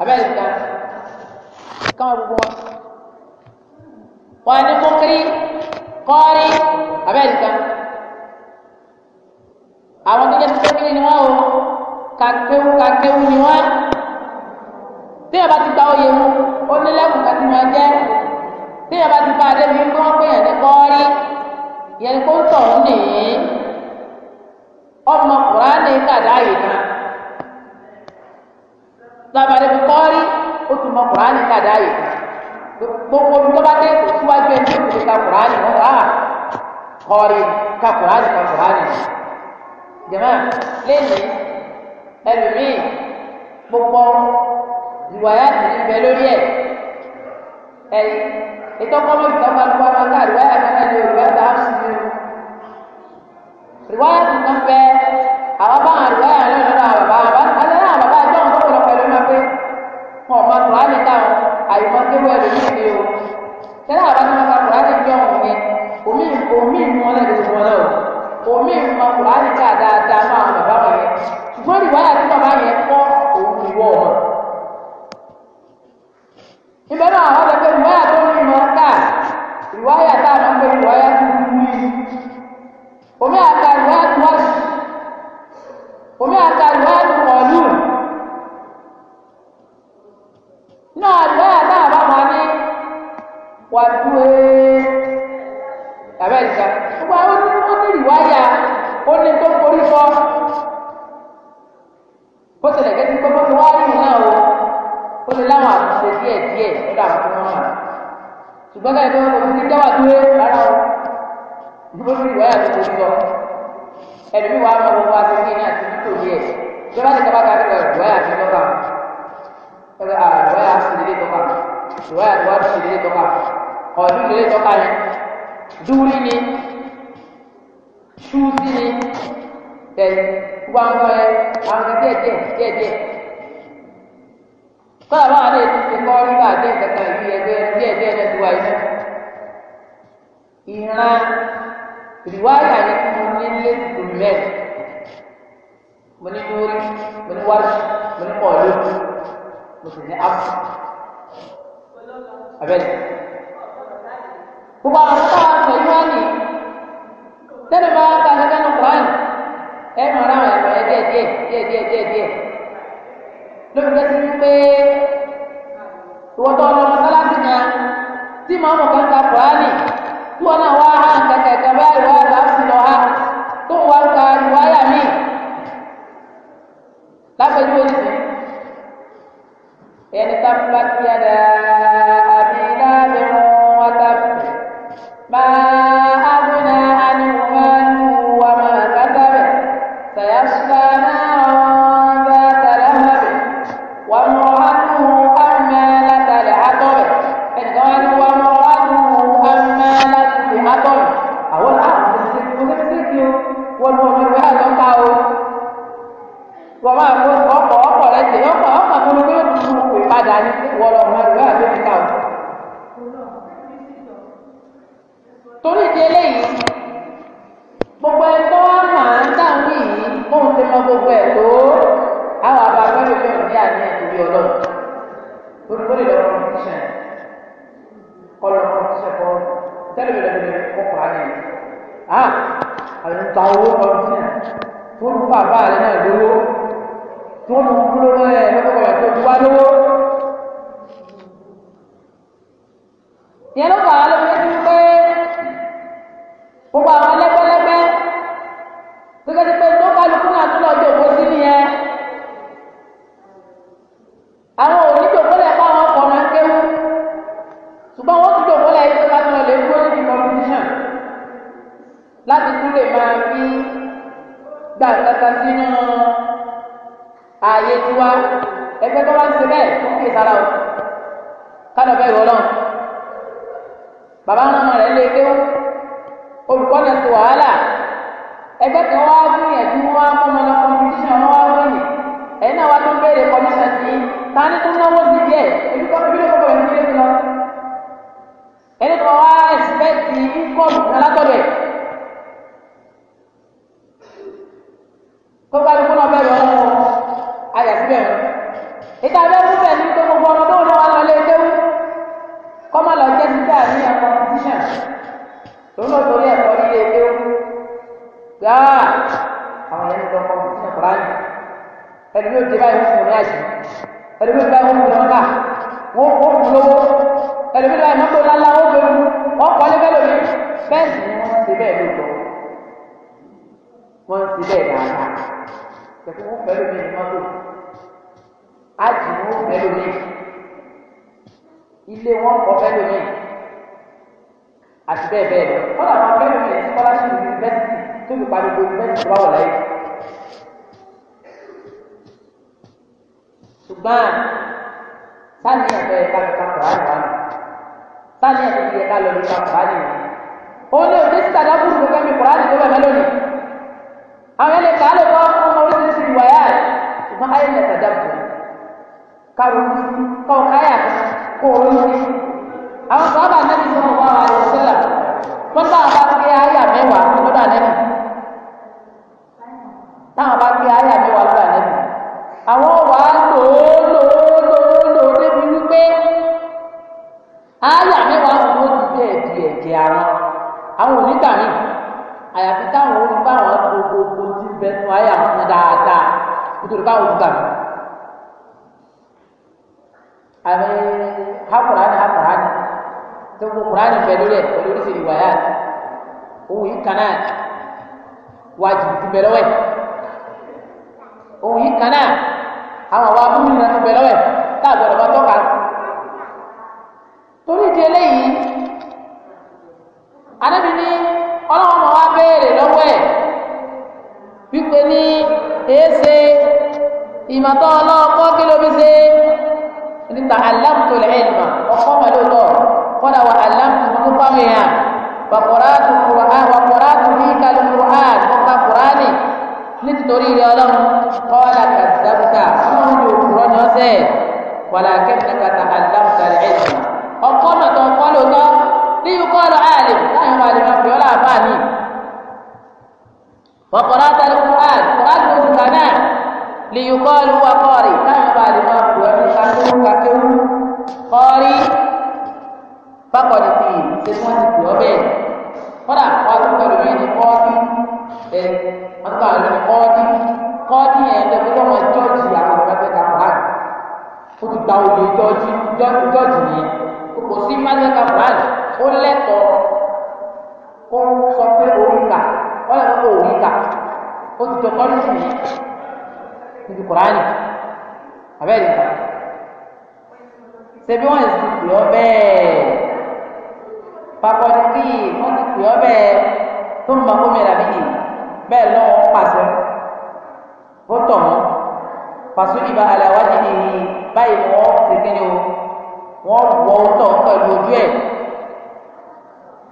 abẹ́rẹ́ ìgbà káwọn gbogbo wọn wọn ní múkiri kọọrí abẹ́rẹ́ ìgbà àwọn tó jẹ́ múkiri ni wọ́n o kakéwu kakéwu ni wọ́n téèyàn bá ti gba oyè mu ó ní lẹ́kùn kan ti máa jẹ́ téèyàn bá ti bá adé mi kí wọ́n pè yàn ní kọ́ọ́rí yẹn kó tọ̀ ń nì í ọmọ kùránì kàdá yìí kan lábàdé fi kọ́ọ́rí ó tún mọ kùránì kàdá yìí kan gbogbo tó bá dé kò síwájú ẹni tó ti ka kùránì wọn wá ah! kọ́ọ́rí ka kùránì ka kùránì jẹ̀mọ́ lẹ́nu ẹlòmíì gbogbo ìwàyà ti ń bẹ lórí ẹ̀ ẹ̀yìn ètò ọkọ̀ọ́mọ̀ ìtọ́ka ló wá máa ká ìwáyà náà ní ìwáyà tá a sì ní o ìwáyà ti ń bẹ àwọn bá àwọn ìwáyà náà lọ́dọ̀ àwọn bàbá alẹ́ náà bàbá ẹjọ́ àwọn tó lọ́pọ̀ ló máa pé wọn ò máa tó láti táwọn àyùmọ̀ kéwọ́ ẹ̀ lórí ìdí o tẹ́lẹ̀ àwọn tó máa kọ̀ láti jọ òun yẹn omi omi ìmú ọlẹ́ ló ti wọn náà omi ìmú ọkùnrin àti ká dáadáa máa bàbá wọn yẹn ṣùgbọ́n ìwáyà tí bàbá yẹn kọ́ òun ìwọ ọ̀hún ibẹ̀ náà wọ́n lọ pé ìwáyà tó ní ìmọ̀ ká ìwáyà tá a máa ń pè ìwáyà tó ń wí ṣùgbọ́n káyọ̀ tó ń tó é rárá o lórí ìwáyà tó lọ ẹ̀dùnmí wàá mọ gbogbo àti ní àti ní tòun yẹ ìjọba ti dábàá kárí lọ ìwáyà tó lọ́ba ọ̀rẹ́ à ìwáyà sì lè tọ́ka ìwáyà tó wá sì lè tọ́ka ọ̀dún lè tọ́ka yẹn dúrí ni ṣúùsì ni tẹ̀lé gbogbo àwọn ẹ̀ àwọn kẹ́kẹ́ díẹ̀ díẹ̀ díẹ̀ kọ́lá báwa lè tún ti kọ́ nígbà jẹ́ ìkankan ìlú ẹgbẹ́ díẹ̀ díẹ̀ náà ti wáyé náà ìran ìwáyà yẹn kí mo ní lé ìmẹ́ẹ̀ mo ní lórí mo ní wájú mo ní pọ̀ lójú mo sì ní ápù abẹ́lẹ̀ gbogbo àwọn tó wà pẹ̀lú wọn tẹ́lẹ̀ bá ń ta gẹ́gẹ́ ní kùránì ẹ̀ mọ̀ ọ́n àwọn ẹ̀rọ ẹ̀ díẹ̀ lórí bẹ́ẹ̀ ti wípé ìwọ́tọ̀ ọmọ mọ́sálásí kan tí màá mọ̀ kan ka kùránì tí wọ́n náà wá hàn kẹ̀kẹ́ kẹ̀kẹ́ ìwà àgbà sí lọ ha tó ń wá ka ìwà ayà mí lápẹjú òsì ẹni tá fúlá ti yára. Muhammad. òkú wọn pẹ̀lú mi ní mọ́tò ájì wọn pẹ̀lú mi ilé wọn kọ́ pẹ̀lú mi àti bẹ́ẹ̀ bẹ́ẹ̀ lọ kọ́lá àwọn pẹ̀lú mi ní scholarship university tó fi parí gbogbo university wà wọ̀ láyé. ṣùgbọ́n sani ẹ̀fẹ́ ẹ̀ka ẹ̀ka kùránì wà ní sani ẹ̀fẹ́ ẹ̀ka lọ́ọ́ ẹ̀ka kùránì wà ní. ó ní òde sísàdá kúrò lókè mi kùránì tó bẹ̀ mẹ́lòó ni àwọn ẹlẹ́ka lè kọ́. أن يتدبر كاروني كون آيات كوروني أو صحابة النبي صلى الله عليه وسلم wọ́n bá a bá gbé ayé àmẹ́wàá lọ́dọ̀ àlẹ́ mi kuri báwo gbà mí àbẹ hakurani hakurani tó kó kurani fẹ lórí ẹ lórí oríṣi ìwàyà òun yìí kan náà wájibi ti bẹ lọ́wọ́ ẹ òun yìí kan náà àwọn àwọn abúlé náà ti bẹ lọ́wọ́ ẹ tá a ìmọ̀tọ́ ọlọ́ọ̀kọ́ kí ló fi ṣe nígbà aláàmùtò lẹ́yìn ìmọ̀ ọkọ́ màlúùtọ̀ kọ́dà wà aláàmùtò tó kọ́ mi hàn wàkọ̀rá tó wàkọ̀rá tó fi kálí kúrán ọ̀pá kúránì nítorí rẹ ọlọ́run kọ́lá kàdàbùkà fún mi òkúrọ́ ní ọ̀sẹ̀ wàlá kẹ́kẹ́kàtà aláàmùtò lẹ́yìn ìmọ̀ ọkọ́ màtọ̀ ọkọ́ lóòótọ́ ní ikú ọ̀rọ̀ àlè láyé wà lè fi ọlá àbáà ní liyukọ́ọ̀lù wa kọ́ọ̀rì káyọ̀ bá lè máa bù ẹni kákéwú kákéwú kọ́ọ̀rì bákọ̀dì fi ṣe tí wọ́n ti bù ọ bẹ́ẹ̀ kọ́dà wọ́n tún pẹ̀lú yẹn ní kọ́ọ̀dì ẹ̀ wọ́n tún pẹ̀lú yẹn ní kọ́ọ̀dì kọ́ọ̀dì yẹn lọ sí lọ́mọ jọ́ọ̀jì àwọn ọ̀gbẹ́fẹ́ kàkùrán ó ti gba oyè jọ́ọ̀jì jọ́ọ̀jì nìyẹn kò sí májẹ́ kàkùrán ó lẹ́tọ̀ọ́ ó sọ pé òun kà wọ́n lè sọ pé òun kà ó ti jọ kọ́ọ̀dì nìyẹn níbi kùránì abẹ́rẹ́ ìgbà ṣebí wọ́n ti pè ọ́ bẹ́ẹ̀ pàkọ́tì wọ́n ti pè ọ́ bẹ́ẹ̀ tó ń bá gómìnà bíi bẹ́ẹ̀ lọ́wọ́ pàṣẹ ó tọ̀ wọ́n pàṣẹ ìbá aláwájú ni báyìí wọ́n ti kéde o wọ́n wọ́ ó tọ̀ pẹ̀lú ojú ẹ̀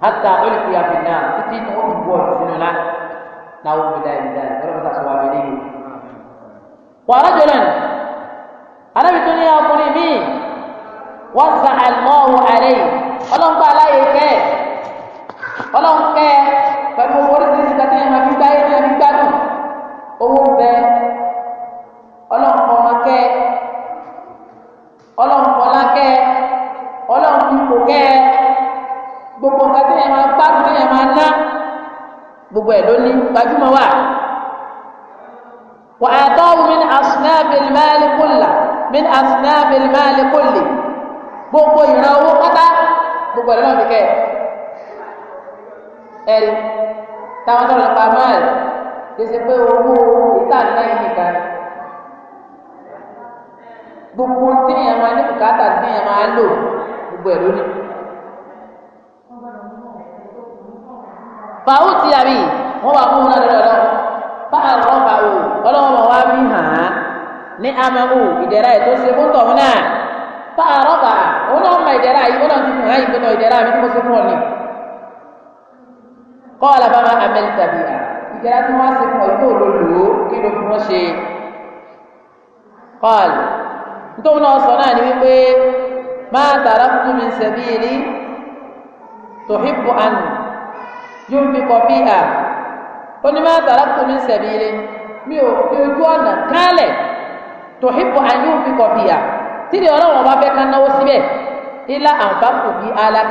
hata olùkú yàtọ̀ náà títí wọ́n ti wọ́ ọ̀tún sínú náà náà wọ́n fi dá ẹ̀ dá ẹ̀ lọ́wọ́ bí wọ́n ti sọ wà mí nìyí wàrájọlẹ̀ anábì tó ní ọkùnrin míì wọ́n sa àlọ́ọ̀hún àlẹ́ yìí ọlọ́nkọ́ aláyè kẹ́ ọlọ́nkẹ́ pẹ̀lú oríṣiríṣi kẹtẹ́ yẹn máa fi gbáyé ní ẹni gbádùn owó bẹ ọlọ́nkọ́ ọlọ́kẹ́ ọlọ́nkọ́ ọlọ́kẹ́ ọlọ́nkọ́ kẹ́ gbogbo kẹtẹ́ yẹn máa gbádùn yẹn máa ná gbogbo ẹ̀ ló ní gbajúmọ̀ wà. al-mali kulli min asnaf al-mali kulli gbogbo ìran owó pátá gbogbo ẹ̀rọ náà fi kẹ́ ẹ̀rí táwọn tó lọ pa máàlì kì í ṣe pé owó ìta náà nìkan gbogbo téèyàn máa ní bùkátà téèyàn máa lò gbogbo ẹ̀ lónìí. fàáwù tí a bí wọ́n wà fún un náà lọ́dọ̀ ní amahu ìdẹ̀ra ètò ṣe fún tọ̀hún náà fa àrọ́bà òun náà ma ìdẹ̀ra yìí ó náà ti fún ayé pẹ̀lú ìdẹ̀ra mi kó ṣe fún ọ̀nì. kọ́ alábàmà amẹ́lí tàbí à ìdẹ̀ra tí wọ́n ṣe fún ọ yóò lò lò ó kí ló fi wọ́n ṣe. kọ́ọ̀lù nítorí náà sọ náà ni wípé máa tààrà fún mi ṣẹ̀bí ilé tòhíbù àná yóò fi kọ́ fíà ó ní máa tààrà fún mi ṣẹ̀bí mi ò fi ojú ọ̀nà tòhípò àyùn fi kọ̀bìyà tíri ọlọ́wọ́n bá fẹ́ ká náwó síbẹ̀ ilá àǹfààkù bí ala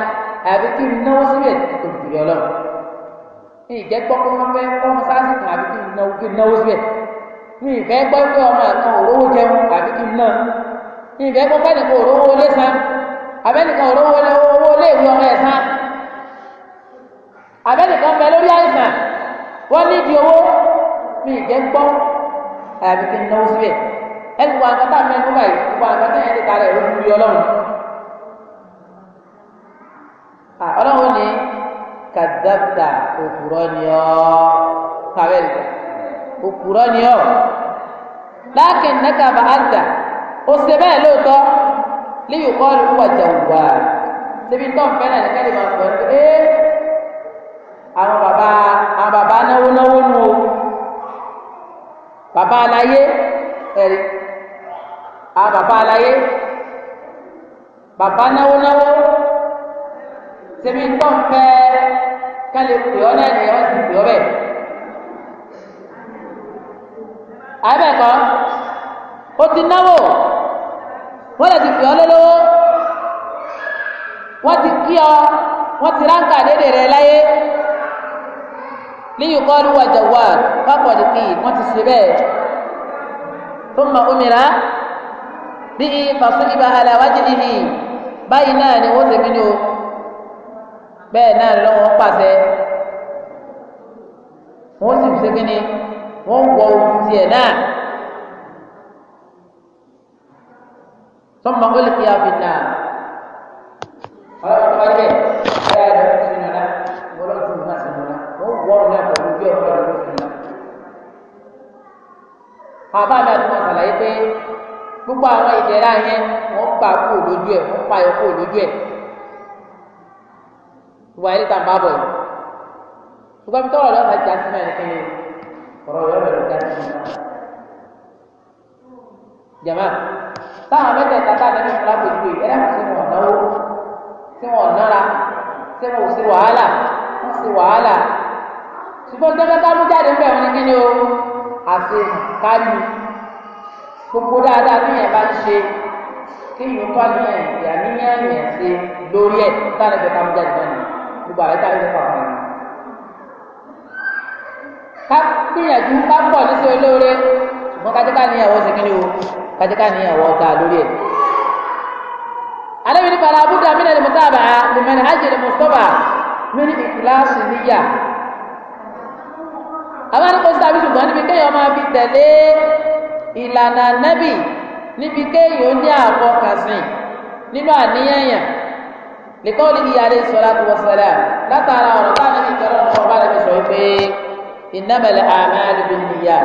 àbí kí n náwó síbẹ̀ tó bìrì ọlọ́run ní ìjẹ́ gbọ́ pé wọ́n fẹ́ kọ́ mọ́sáàsì kan àbí kí n náwó kí n náwó síbẹ̀ ní ìfẹ́ gbọ́ pé ọmọ àtàn òróró jẹun àbí kí n náà ní ìfẹ́ gbọ́ pẹ́ẹ́nì kan òróró olé san abẹ́nìkan òróró owó olé ìwé ọmọ ẹ̀ san abẹ́nìkan bẹ lórí àìsàn wọ́n ní ìdí owó ní ìjẹ́ gbọ́ àbí kí n náwó síbẹ̀ ẹnu wa nǹkan tá a mẹ́nu báyìí gbogbo nǹkan tá yẹn lè ta rẹ̀ ló ń bí ọlọ́run ọlọ́run ní kàdábìtà òkúrọ́ ni ọ́ kàwéèrè òkúrọ́ ni ọ́ láàkín nẹ́ka bá a dà ó ṣe bẹ́ẹ̀ lóòótọ́ léyìí kọ́ ló wà jàwùwà ṣébi tó ń fẹ́ náà nìkan lè máa pọ̀ ẹ́ àwọn bàbá àwọn bàbá náwó náwó nù o bàbá aláyé ẹ̀rí a ah, bàbá aláyé bàbá náwó náwó ṣebí tó ń fẹ́ kálí pè ọ́ náà ni wọ́n ti pè ọ́ bẹ́ẹ̀. àbẹ̀kọ́ o ti náwó wọ́n lè ti pè ọ́ lólówó wọ́n ti kí ọ wọ́n ti ráńkà dédè rẹ láyé ní ìkọlù wàjà wà pápọ̀ nìkì wọ́n ti ṣe bẹ́ẹ̀ tó mọ omira bí fasiliba alawajibihi báyìí náà ni wọ́n tẹ̀mí ni o bẹ́ẹ̀ náà lọ́wọ́ pàṣẹ wọ́n sì ṣe kí ni wọ́n wọ ohun tiẹ̀ náà sọ́mọ olùkí àfìnà ọlọ́run bá dẹ̀ ẹ̀yà ẹ̀rọ ti sinmi náà ọlọ́run tó ń bá sinmi náà mi àti wọn ṣàlàyé pé gbogbo àwọn ìdẹ̀ra yẹn wọ́n pa kúrò lójú ẹ̀ wọ́n pa ẹ̀kọ́ lójú ẹ̀ ìwà ẹni tà ń bá bọ̀ yìí ṣùgbọ́n mi tọ́rọ̀ lọ́sàá já sí náà nìkan ni ọ̀rọ̀ yọ̀rọ̀ ló já sí náà jama táwọn mẹ́tẹ̀ẹ̀ta tá a nínú ìfúnra pẹ̀lú yìí ẹ̀rẹ́ kò sí wọn náwó sí wọn nára sí wọn ò sí wàhálà wọn sí wàhálà ṣùgbọ́n tẹ́fẹ́ tá a mú jáde ń bẹ̀ wọn ni o àṣehàn kárí gbogbo dáadáa bí yẹn bá ń ṣe kí yìí tó àgbọn yẹn ìyá níyẹn yẹn ṣe lórí ẹ sáré bẹ káwọn jáde náà gbogbo àrẹ sáré bẹ káwọn náà. ká gbìyànjú ká pọ̀ níṣẹ́ olóore ṣùgbọ́n kájíká ní ẹ̀wọ́ ṣèkínní o kájíká ní ẹ̀wọ́ ta lórí ẹ̀. alẹ́ mi ní fara abúlé amínà lèmi tábà lèmi ní hajj lèmi sọ́bà mi ní ìkìláàsì níyà. àwọn àdìpọ̀ ìlànà nẹ́bì níbi kéèyàn ó ní àbọ̀ kàsìn nínú àníyàn yàn lẹ́kọ́ ní ìyá rẹ̀ sọ̀rọ̀ àti wọ́sẹ̀lá látara ọ̀rọ̀ táwọn ẹni kẹrọ ọ̀rọ̀ ọba rẹ̀ sọ pé ìnámẹ̀lẹ̀ àmì àdìbò nìyà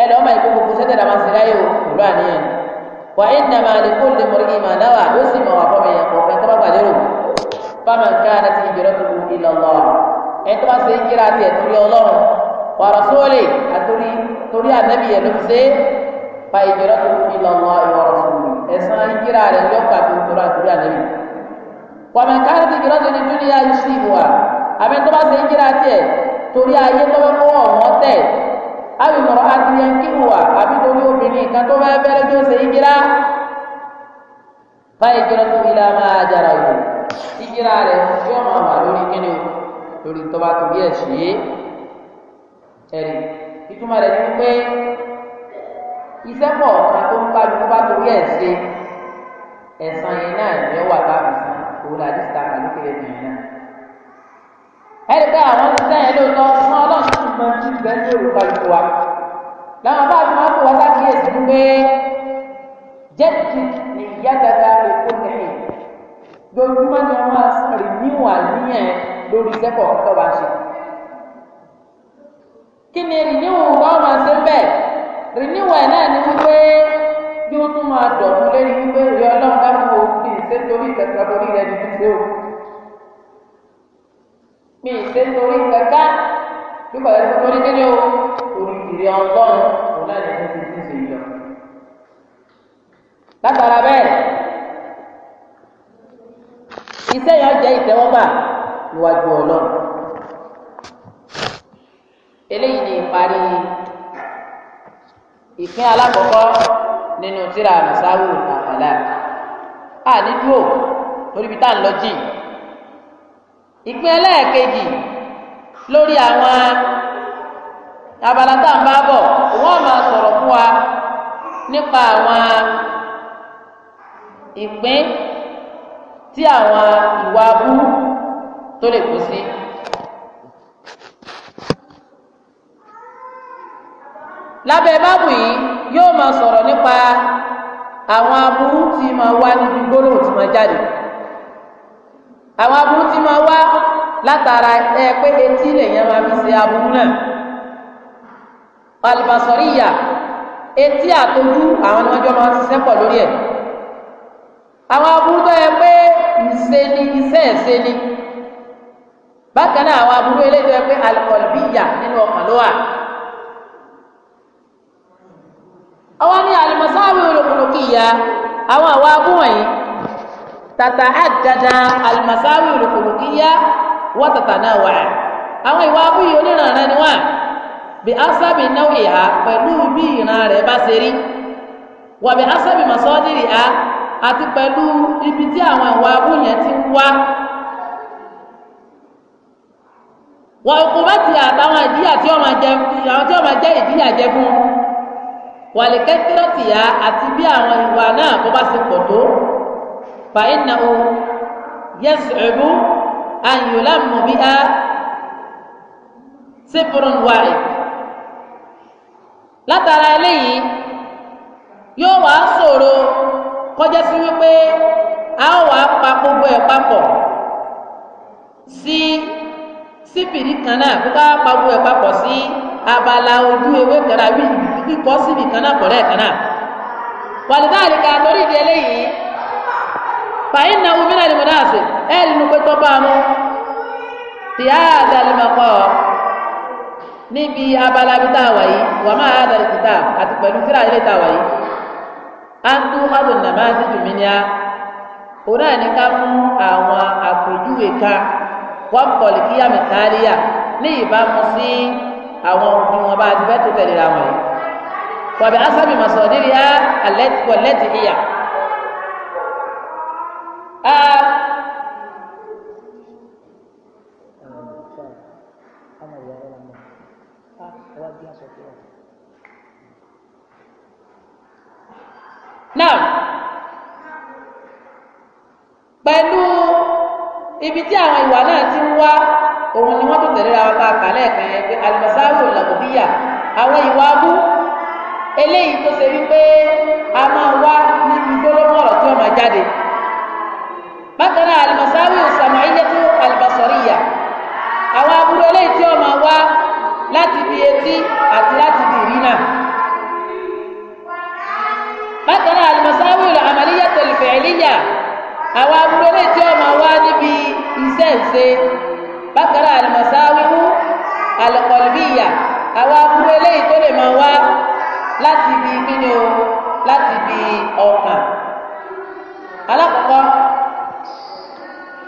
ẹ lọ́mọ ìkó gbogbo sẹ́tẹ̀ dàmà sí láyé o pẹ̀lú àníyàn wà á ìnàmà àdìbò lè mọ̀rí ìmọ̀ náwà yóò sì mọ̀ wà fọ́mọ kọ̀ọ̀kan torí ànábì yẹn ló fi ṣe fa ìjọra tó fi lọ mọ ìwọ ọsùn ẹsán ìjìrà rẹ yọ ká tó tora torí ànábì. wàmẹ káyọ̀ ti ìjọra tó ní dúníyà ṣì wà àmì tó bá ṣe ìjìrà tiẹ̀ torí ayé tó fẹ́ kó ọ̀wọ́n tẹ̀ àbí mọ̀rọ̀ adìyẹ ń kíkù wà àbí torí obìnrin kan tó fẹ́ bẹ́rẹ̀ tó ṣe ìjìrà fa ìjọra tó fi lọ máa jàrà yìí ìjìrà rẹ yọ ìtumọ̀ rẹ̀ ni pé iṣẹ́ kọ̀ọ̀kan tó ń kálukú bá torí ẹ̀ ṣe ẹ̀san yẹn náà ni ó wà láàbù sí òun là ní sàkà ní kéde yẹn náà. ẹ̀rí pé àwọn ti sẹ́yìn lóòótọ́ fún ọlọ́run tó mọ jí bẹ́ẹ̀ ní èrò kálukú wa làwọn bá ti máa kó wa sákìyèsí pé jẹ́tì ni ìyá dada rẹ̀ kó mẹ́rin lójúmọ́ ni wọ́n máa rìn níwọ̀n àníyàn lórí iṣẹ́ kọ̀ọ̀kan tó bá ṣe kí ni rìníwò wọn máa ṣe bẹ́ẹ̀ rìníwò ẹ̀ náà ni wípé bí wọ́n tún máa dọ̀tún lórí wípé ìrẹ́ ọlọ́run bá fún òun bí ìṣe torí ìkẹ̀kẹ́ lórí rẹ̀ ní ìṣe o bí ìṣe torí ìkẹ̀kẹ́ bí kò lẹ́sìn torí kíni o torí ìrẹ́ ọlọ́run òun náà ní ìṣe ti ṣe yọ. látara bẹ́ẹ̀ iṣẹ́ yẹn jẹ́ ìtẹ́wọ́gbà níwájú ọlọ́run eléyìí ni ìparí ìpín alákọ̀ọ́kọ́ nínú tíra àmìsáwò àfàlà a ní dúró lórí ibi tá à ń lọ jì ìpín ẹlẹ́ẹ̀kejì lórí àwọn abala tá à ń bá bọ̀ wọ́n máa sọ̀rọ̀ fún wa nípa àwọn ìpín tí àwọn ìwà abú tó lè kú sí. lábẹ́ báàbù yìí yóò máa sọ̀rọ̀ nípa àwọn aburú tí máa wá níbi gbólóhùn tí máa jáde àwọn aburú tí máa wá látara ẹ pé etí lèèyàn máa fi ṣe aburú náà alùpàsọ̀ríyà etí àtọjú àwọn ọjọ́ máa ń ṣiṣẹ́ lórí ẹ̀ àwọn aburú tó yẹ pé ìṣe ni iṣẹ́ ẹ̀ṣe ni bákan náà àwọn aburú eléyìí tó yẹ pé alùpàlùbíyà nínú ọkàn ló wà. ọwọ́ ní alimasáwì olùkùnlùkìyà àwọn àwa abúwọ̀nyí tàtà àdàdà alimasáwì olùkùnlùkìyà wọ́n tàtà náà wà àwọn ìwà abúyí oníranran ni wọ́n bí asábì náwó ìhà pẹ̀lú bí ìran rẹ̀ bá ṣe rí wọ́n bí asábì masọ́dírì ha àti pẹ̀lú ibi tí àwọn ìwà abúyẹn ti wá wọ́n kò bá ti àtàwọn ìdíyà tí wọ́n máa jẹ ìdíyà jẹ fún un wàlìkẹ́ kírọ́tìyà àti bí àwọn ìwà náà bó bá ṣe pọ̀ tó fa iná o yẹsù ẹ̀bú ayọ̀lá mọ̀bí á sípùrùn wàrì látara eléyìí yóò wá ṣòro kọjá sí wípé a ó pa gbogbo ẹ̀ papọ̀ sí. Si, síbìrì kan náà kó ká pawó ẹ̀ papọ̀ sí abala ojú ewé kan náà kíkọ́ síbì kan náà kọ̀rẹ́ kan náà wàlúùdá àríkà lórí ìdí eléyìí fàyín náà omi náà ni mo dáhà sí ẹ̀ nínú pé tọ́ bá a mú tìyá àdàlùmọ̀kọ́ níbi abala bí tá a wà yìí wà máa yá dàrí kìtà àti pẹ̀lú tíra ilé tá a wà yìí á ń tó hádùn nàmá mí ní a òun náà ní ká mú àwọn àpèjúwe ká wọ́n pọ̀lì kíyà mi tààlíyà ní ìbámu sí àwọn òbí wọn bá ti fẹ́ tó tẹ̀lé ra wọn yìí wàbí asábì màsọ̀dírí á pọ̀lẹ́tì kíyà. Now, pẹ̀lú ibi tí àwọn ìwà náà ti ń wá òun ni wọ́n tó tẹ̀lé ra wọn bá kàlẹ́ kan yẹn pé alimasawo làbòbíyà àwọn ìwà abú eléyìí tó ṣe wípé a máa wá níbi gbólóhùn ọ̀rọ̀ tí wọ́n máa jáde bákan náà alimasawo sàmáyé tó alibasọ̀ríyà àwọn aburú eléyìí tí wọ́n máa wá láti bi etí àti láti bi ìrìnà bákan náà alimasawo àmàlíyà tó lè àwọn aburú eléyìí tí wọ́n máa wá níbi iṣẹ́ ìṣe bákan náà àlùmọ̀sáwíwú àlùkọ̀lùbíyà àwọn aburú eléyìí tó lè máa wá láti ibi kíni o láti ibi ọkàn. alákọ̀ọ́kọ́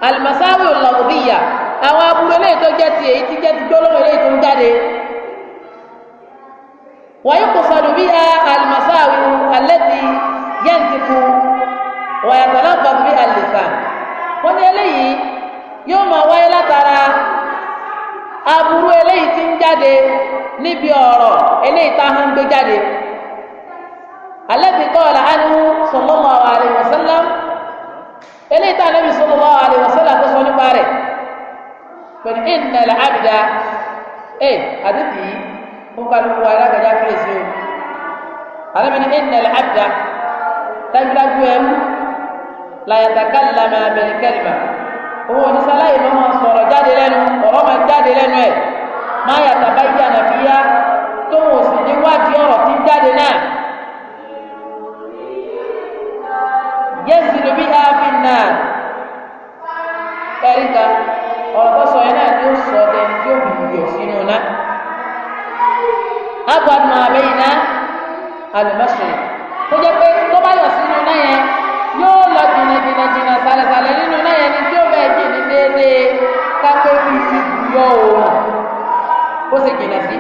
àlùmọ̀sáwíwú lọ́gùbíyà àwọn aburú eléyìí tó jẹ́ ti èyí tí jẹ́ ti gbólóhùn eléyìí tó ń jáde. wàyí kò sọ̀rọ̀ bí i àlùmọ̀sáwíwú alẹ́ ti yẹ́ǹtì fún wàyàtọ̀ náà kọ́ bí i wọ́n ní eléyìí yóò máa wáyé látara aburú eléyìí tí ń jáde níbi ọ̀rọ̀ eléyìí tá a ń gbé jáde alẹ́bí kọ́ọ̀lá ánú sallallahu alaihi wasallam eléyìí tá a lẹ́bi sallallahu alaihi wasallam tó sọ nípa rẹ̀ pẹ̀lú innal abda ẹ̀ àdìdì yìí mo ká ló wọ alágbèjà fèrèsé o alẹ́bi ní innal abda dájúdájú ẹ̀mú la yatakallama bil kalima owó onísàlàyé ló máa sọ̀rọ̀ jáde lẹ́nu ọ̀rọ̀ máa jáde lẹ́nu ẹ̀ máa yàtà bá yí ànàfíyá tóun ò sì níwádìí ọ̀rọ̀ tí ń jáde náà. yẹ́sìlú bí ábí náà kẹ́ríkà ọ̀rọ̀ sọ yẹn náà ni sọ ọdẹ tí ó bìbì sínú náà. agbadun àbẹ́yìn náà alùmọ́sọ̀rọ̀ tó jẹ́ pé tó bá yọ sínú náà yẹn yóò lọ jìnnà jìnnà jìnnà sàlẹ̀sàlẹ̀ nínú náà yẹn ni tí ó bẹ́ẹ̀ jì ní déédéé kátó fi sí yọ òòrùn bó ṣe jìnnà sí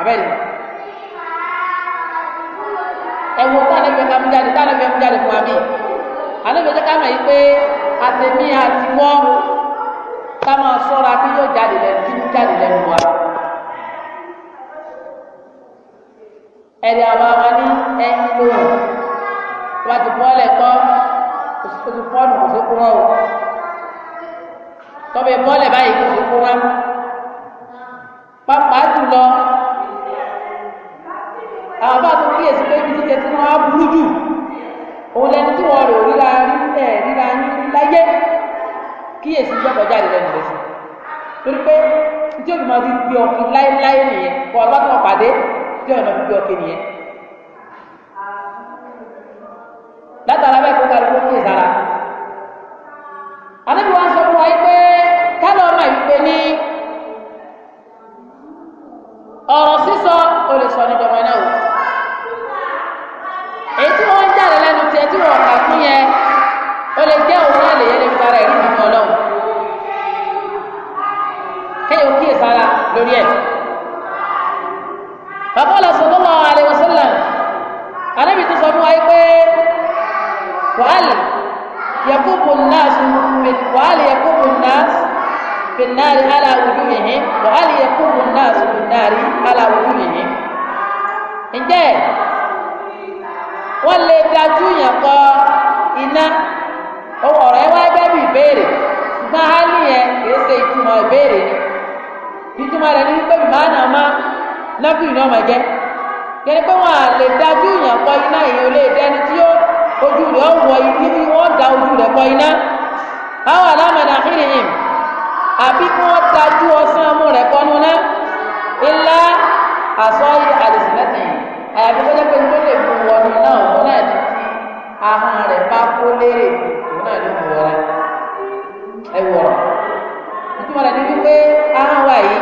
abẹ́rẹ́ ẹ̀wọ̀n tó àlẹ́ fẹ́ ká mú jáde tó àlẹ́ fẹ́ mú jáde fún wa bí àlẹ́ fẹ́ ká mọ̀ yìí pé àtẹ̀mí àtiwọ́ ká máa sọ́ra bí yóò jáde lẹ́nu kí yóò jáde lẹ́nu wa. ẹ̀rì àwọn àwọn ní ẹni lóhùn wọ́n ti bọ́ lẹ́kọ́ ó ti fọ́ọ̀nù kò sí kó wá o tọ́bẹ̀ bọ́ọ̀lẹ̀ báyìí kò sí kó wá pàápàá jùlọ àwọn bá tó kíyèsí pé ibi títẹ tí wọ́n á burú jù òun lẹni tí wọ́n rò ríra rí ẹ̀ ríra yín láyé kíyèsí gbọ́dọ̀ jáde lẹ́nu rẹ̀ sí torí pé tí o fi máa fi gbé ọkì láéláé nìyẹn kó o pàdé tí o yàn máa fi gbé ọkì nìyẹn. látara bẹ́ẹ̀ kó kálukú kì í sára. mẹ́tẹ̀yìn àyàfi tó jẹ́ pé tó lè mú wọnú náà òun náà ní tí ahọ́n rẹ̀ bá kó léèrè òun náà ló mú ẹ ìtumọ̀ rẹ̀ ni wípé ahọ́n wa yìí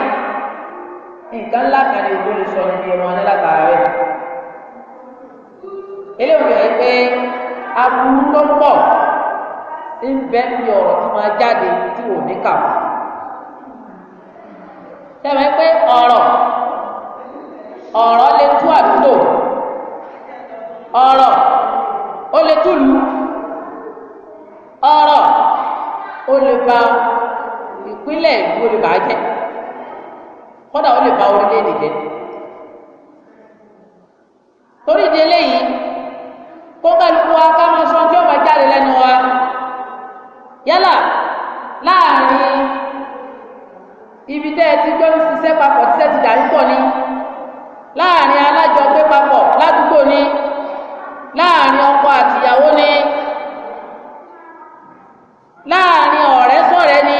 nǹkan ńlá kan ní ojú sọ rẹ̀ pé aburú tó pọ̀ ń bẹ́ ní ọ̀rọ̀ máa jáde tí ní tẹ̀wé pé ọ̀rọ̀. ọ̀rọ̀ lè tú àdúgbò ọ̀rọ̀ ó lè túlù ọ̀rọ̀ ó lè ba ìpínlẹ̀ ìlú jẹ́ ó lè ba orílẹ̀-èdè jẹ́ torí di eléyìí kó kálukú wa ká máa tí ó bá jáde lẹ́nu wa yálà láàrin ibi tẹ́ ẹ ti ń ṣiṣẹ́ papọ̀ tí ẹ láàrin alájọgbé papọ̀ ládùúgbò ni láàrin ọkọ àtìyàwó ni láàrin ọ̀rẹ́ sọ̀rẹ́ ni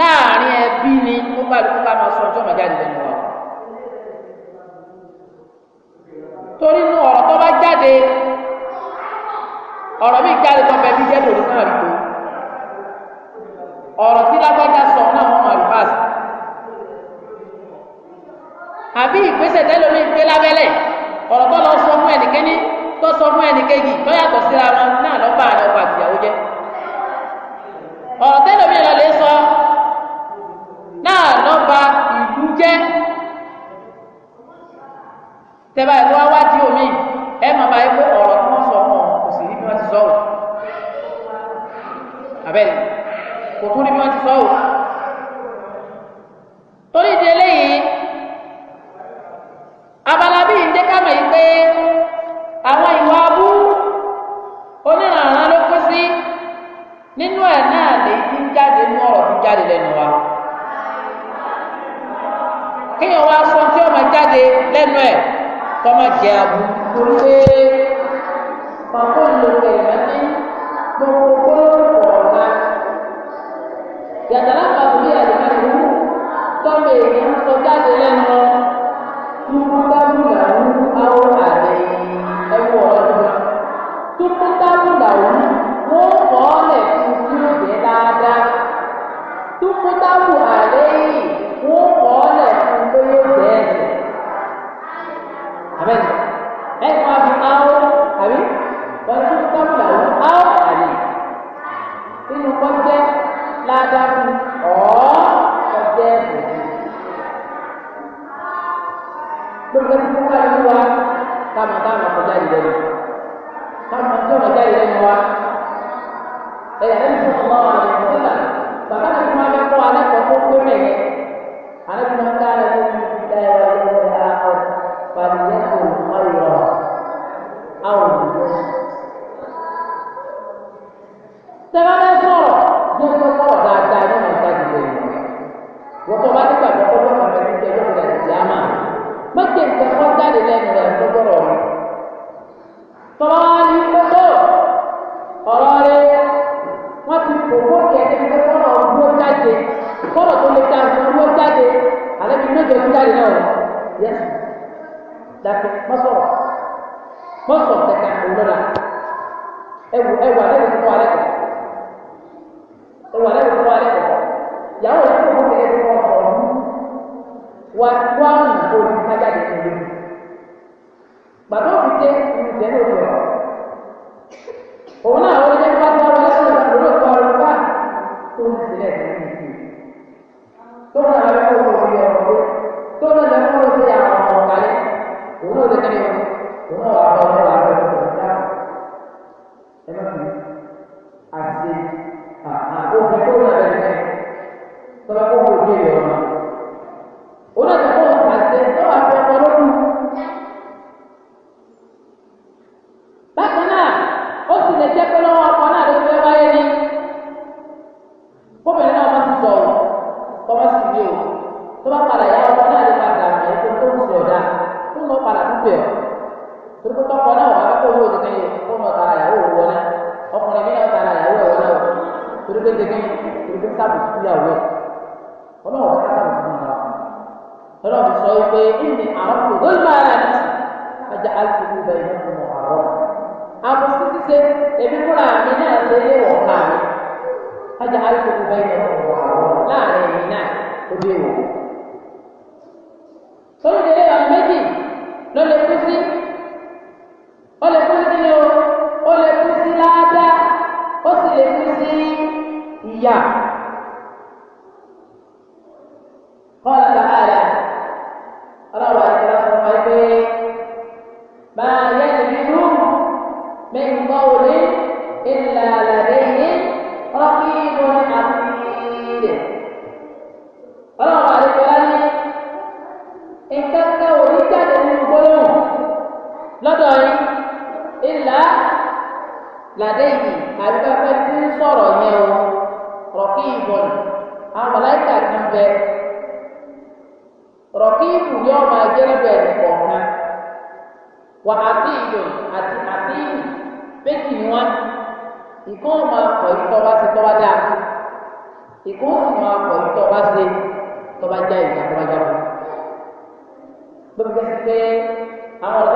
láàrin ẹbí ni ó bá lóko ká máa sọ ọjọ́ ọ̀nà jáde lẹ́nu wa torí inú ọ̀rọ̀ tó bá jáde ọ̀rọ̀ mi jáde tó bẹ bí jẹ́ lòdì náà rí o ọ̀rọ̀ tí lágbájá sọ náà àbí ìgbésẹ̀ tẹ́lómi gbé lábẹ́lẹ̀ ọ̀rọ̀ tó lọ sọ fún ẹnìkíní tó sọ fún ẹnìkejì tó yàtọ̀ síra wọn náà lọ́ba àrẹ ọkọ àtìyàwó jẹ́ ọ̀rọ̀ tẹ́lómi lọ lè sọ náà lọ́ba ìlú jẹ́ tẹ́bà ẹ̀ tó wá wá di omi ẹ̀ máa bá yẹ pé ọ̀rọ̀ tí wọ́n sọ ọ̀hún kò sí ní bí wọ́n ti sọ ọ̀ abẹ́rẹ́ kò tún ní bí wọ́n ti sọ ọ̀ jáde nú ọ̀rọ̀ tó jáde lẹ́nu wa kéèyàn wá sọ tí ọmọ jáde lẹ́nu ẹ̀ tọ́mọ jẹ́ abu torí pé pàpọ̀ ń lò sílẹ̀ ní ìlú. Tó náà lọ fẹ́ wọ́n fi ọ̀rọ̀ tó náà lọ fẹ́ wọ́n fi àwọn kalẹ̀ òun náà lè kẹ́lẹ́ òun náà wà bọ̀ ọ́ àbẹ̀ ọ̀rọ̀ dáa. Ẹ má fi àṣe àkókò tó náà lè kẹ́lẹ́ tọ́lá kó wọ́n fi ọ̀rọ̀ náà. donde esté ahora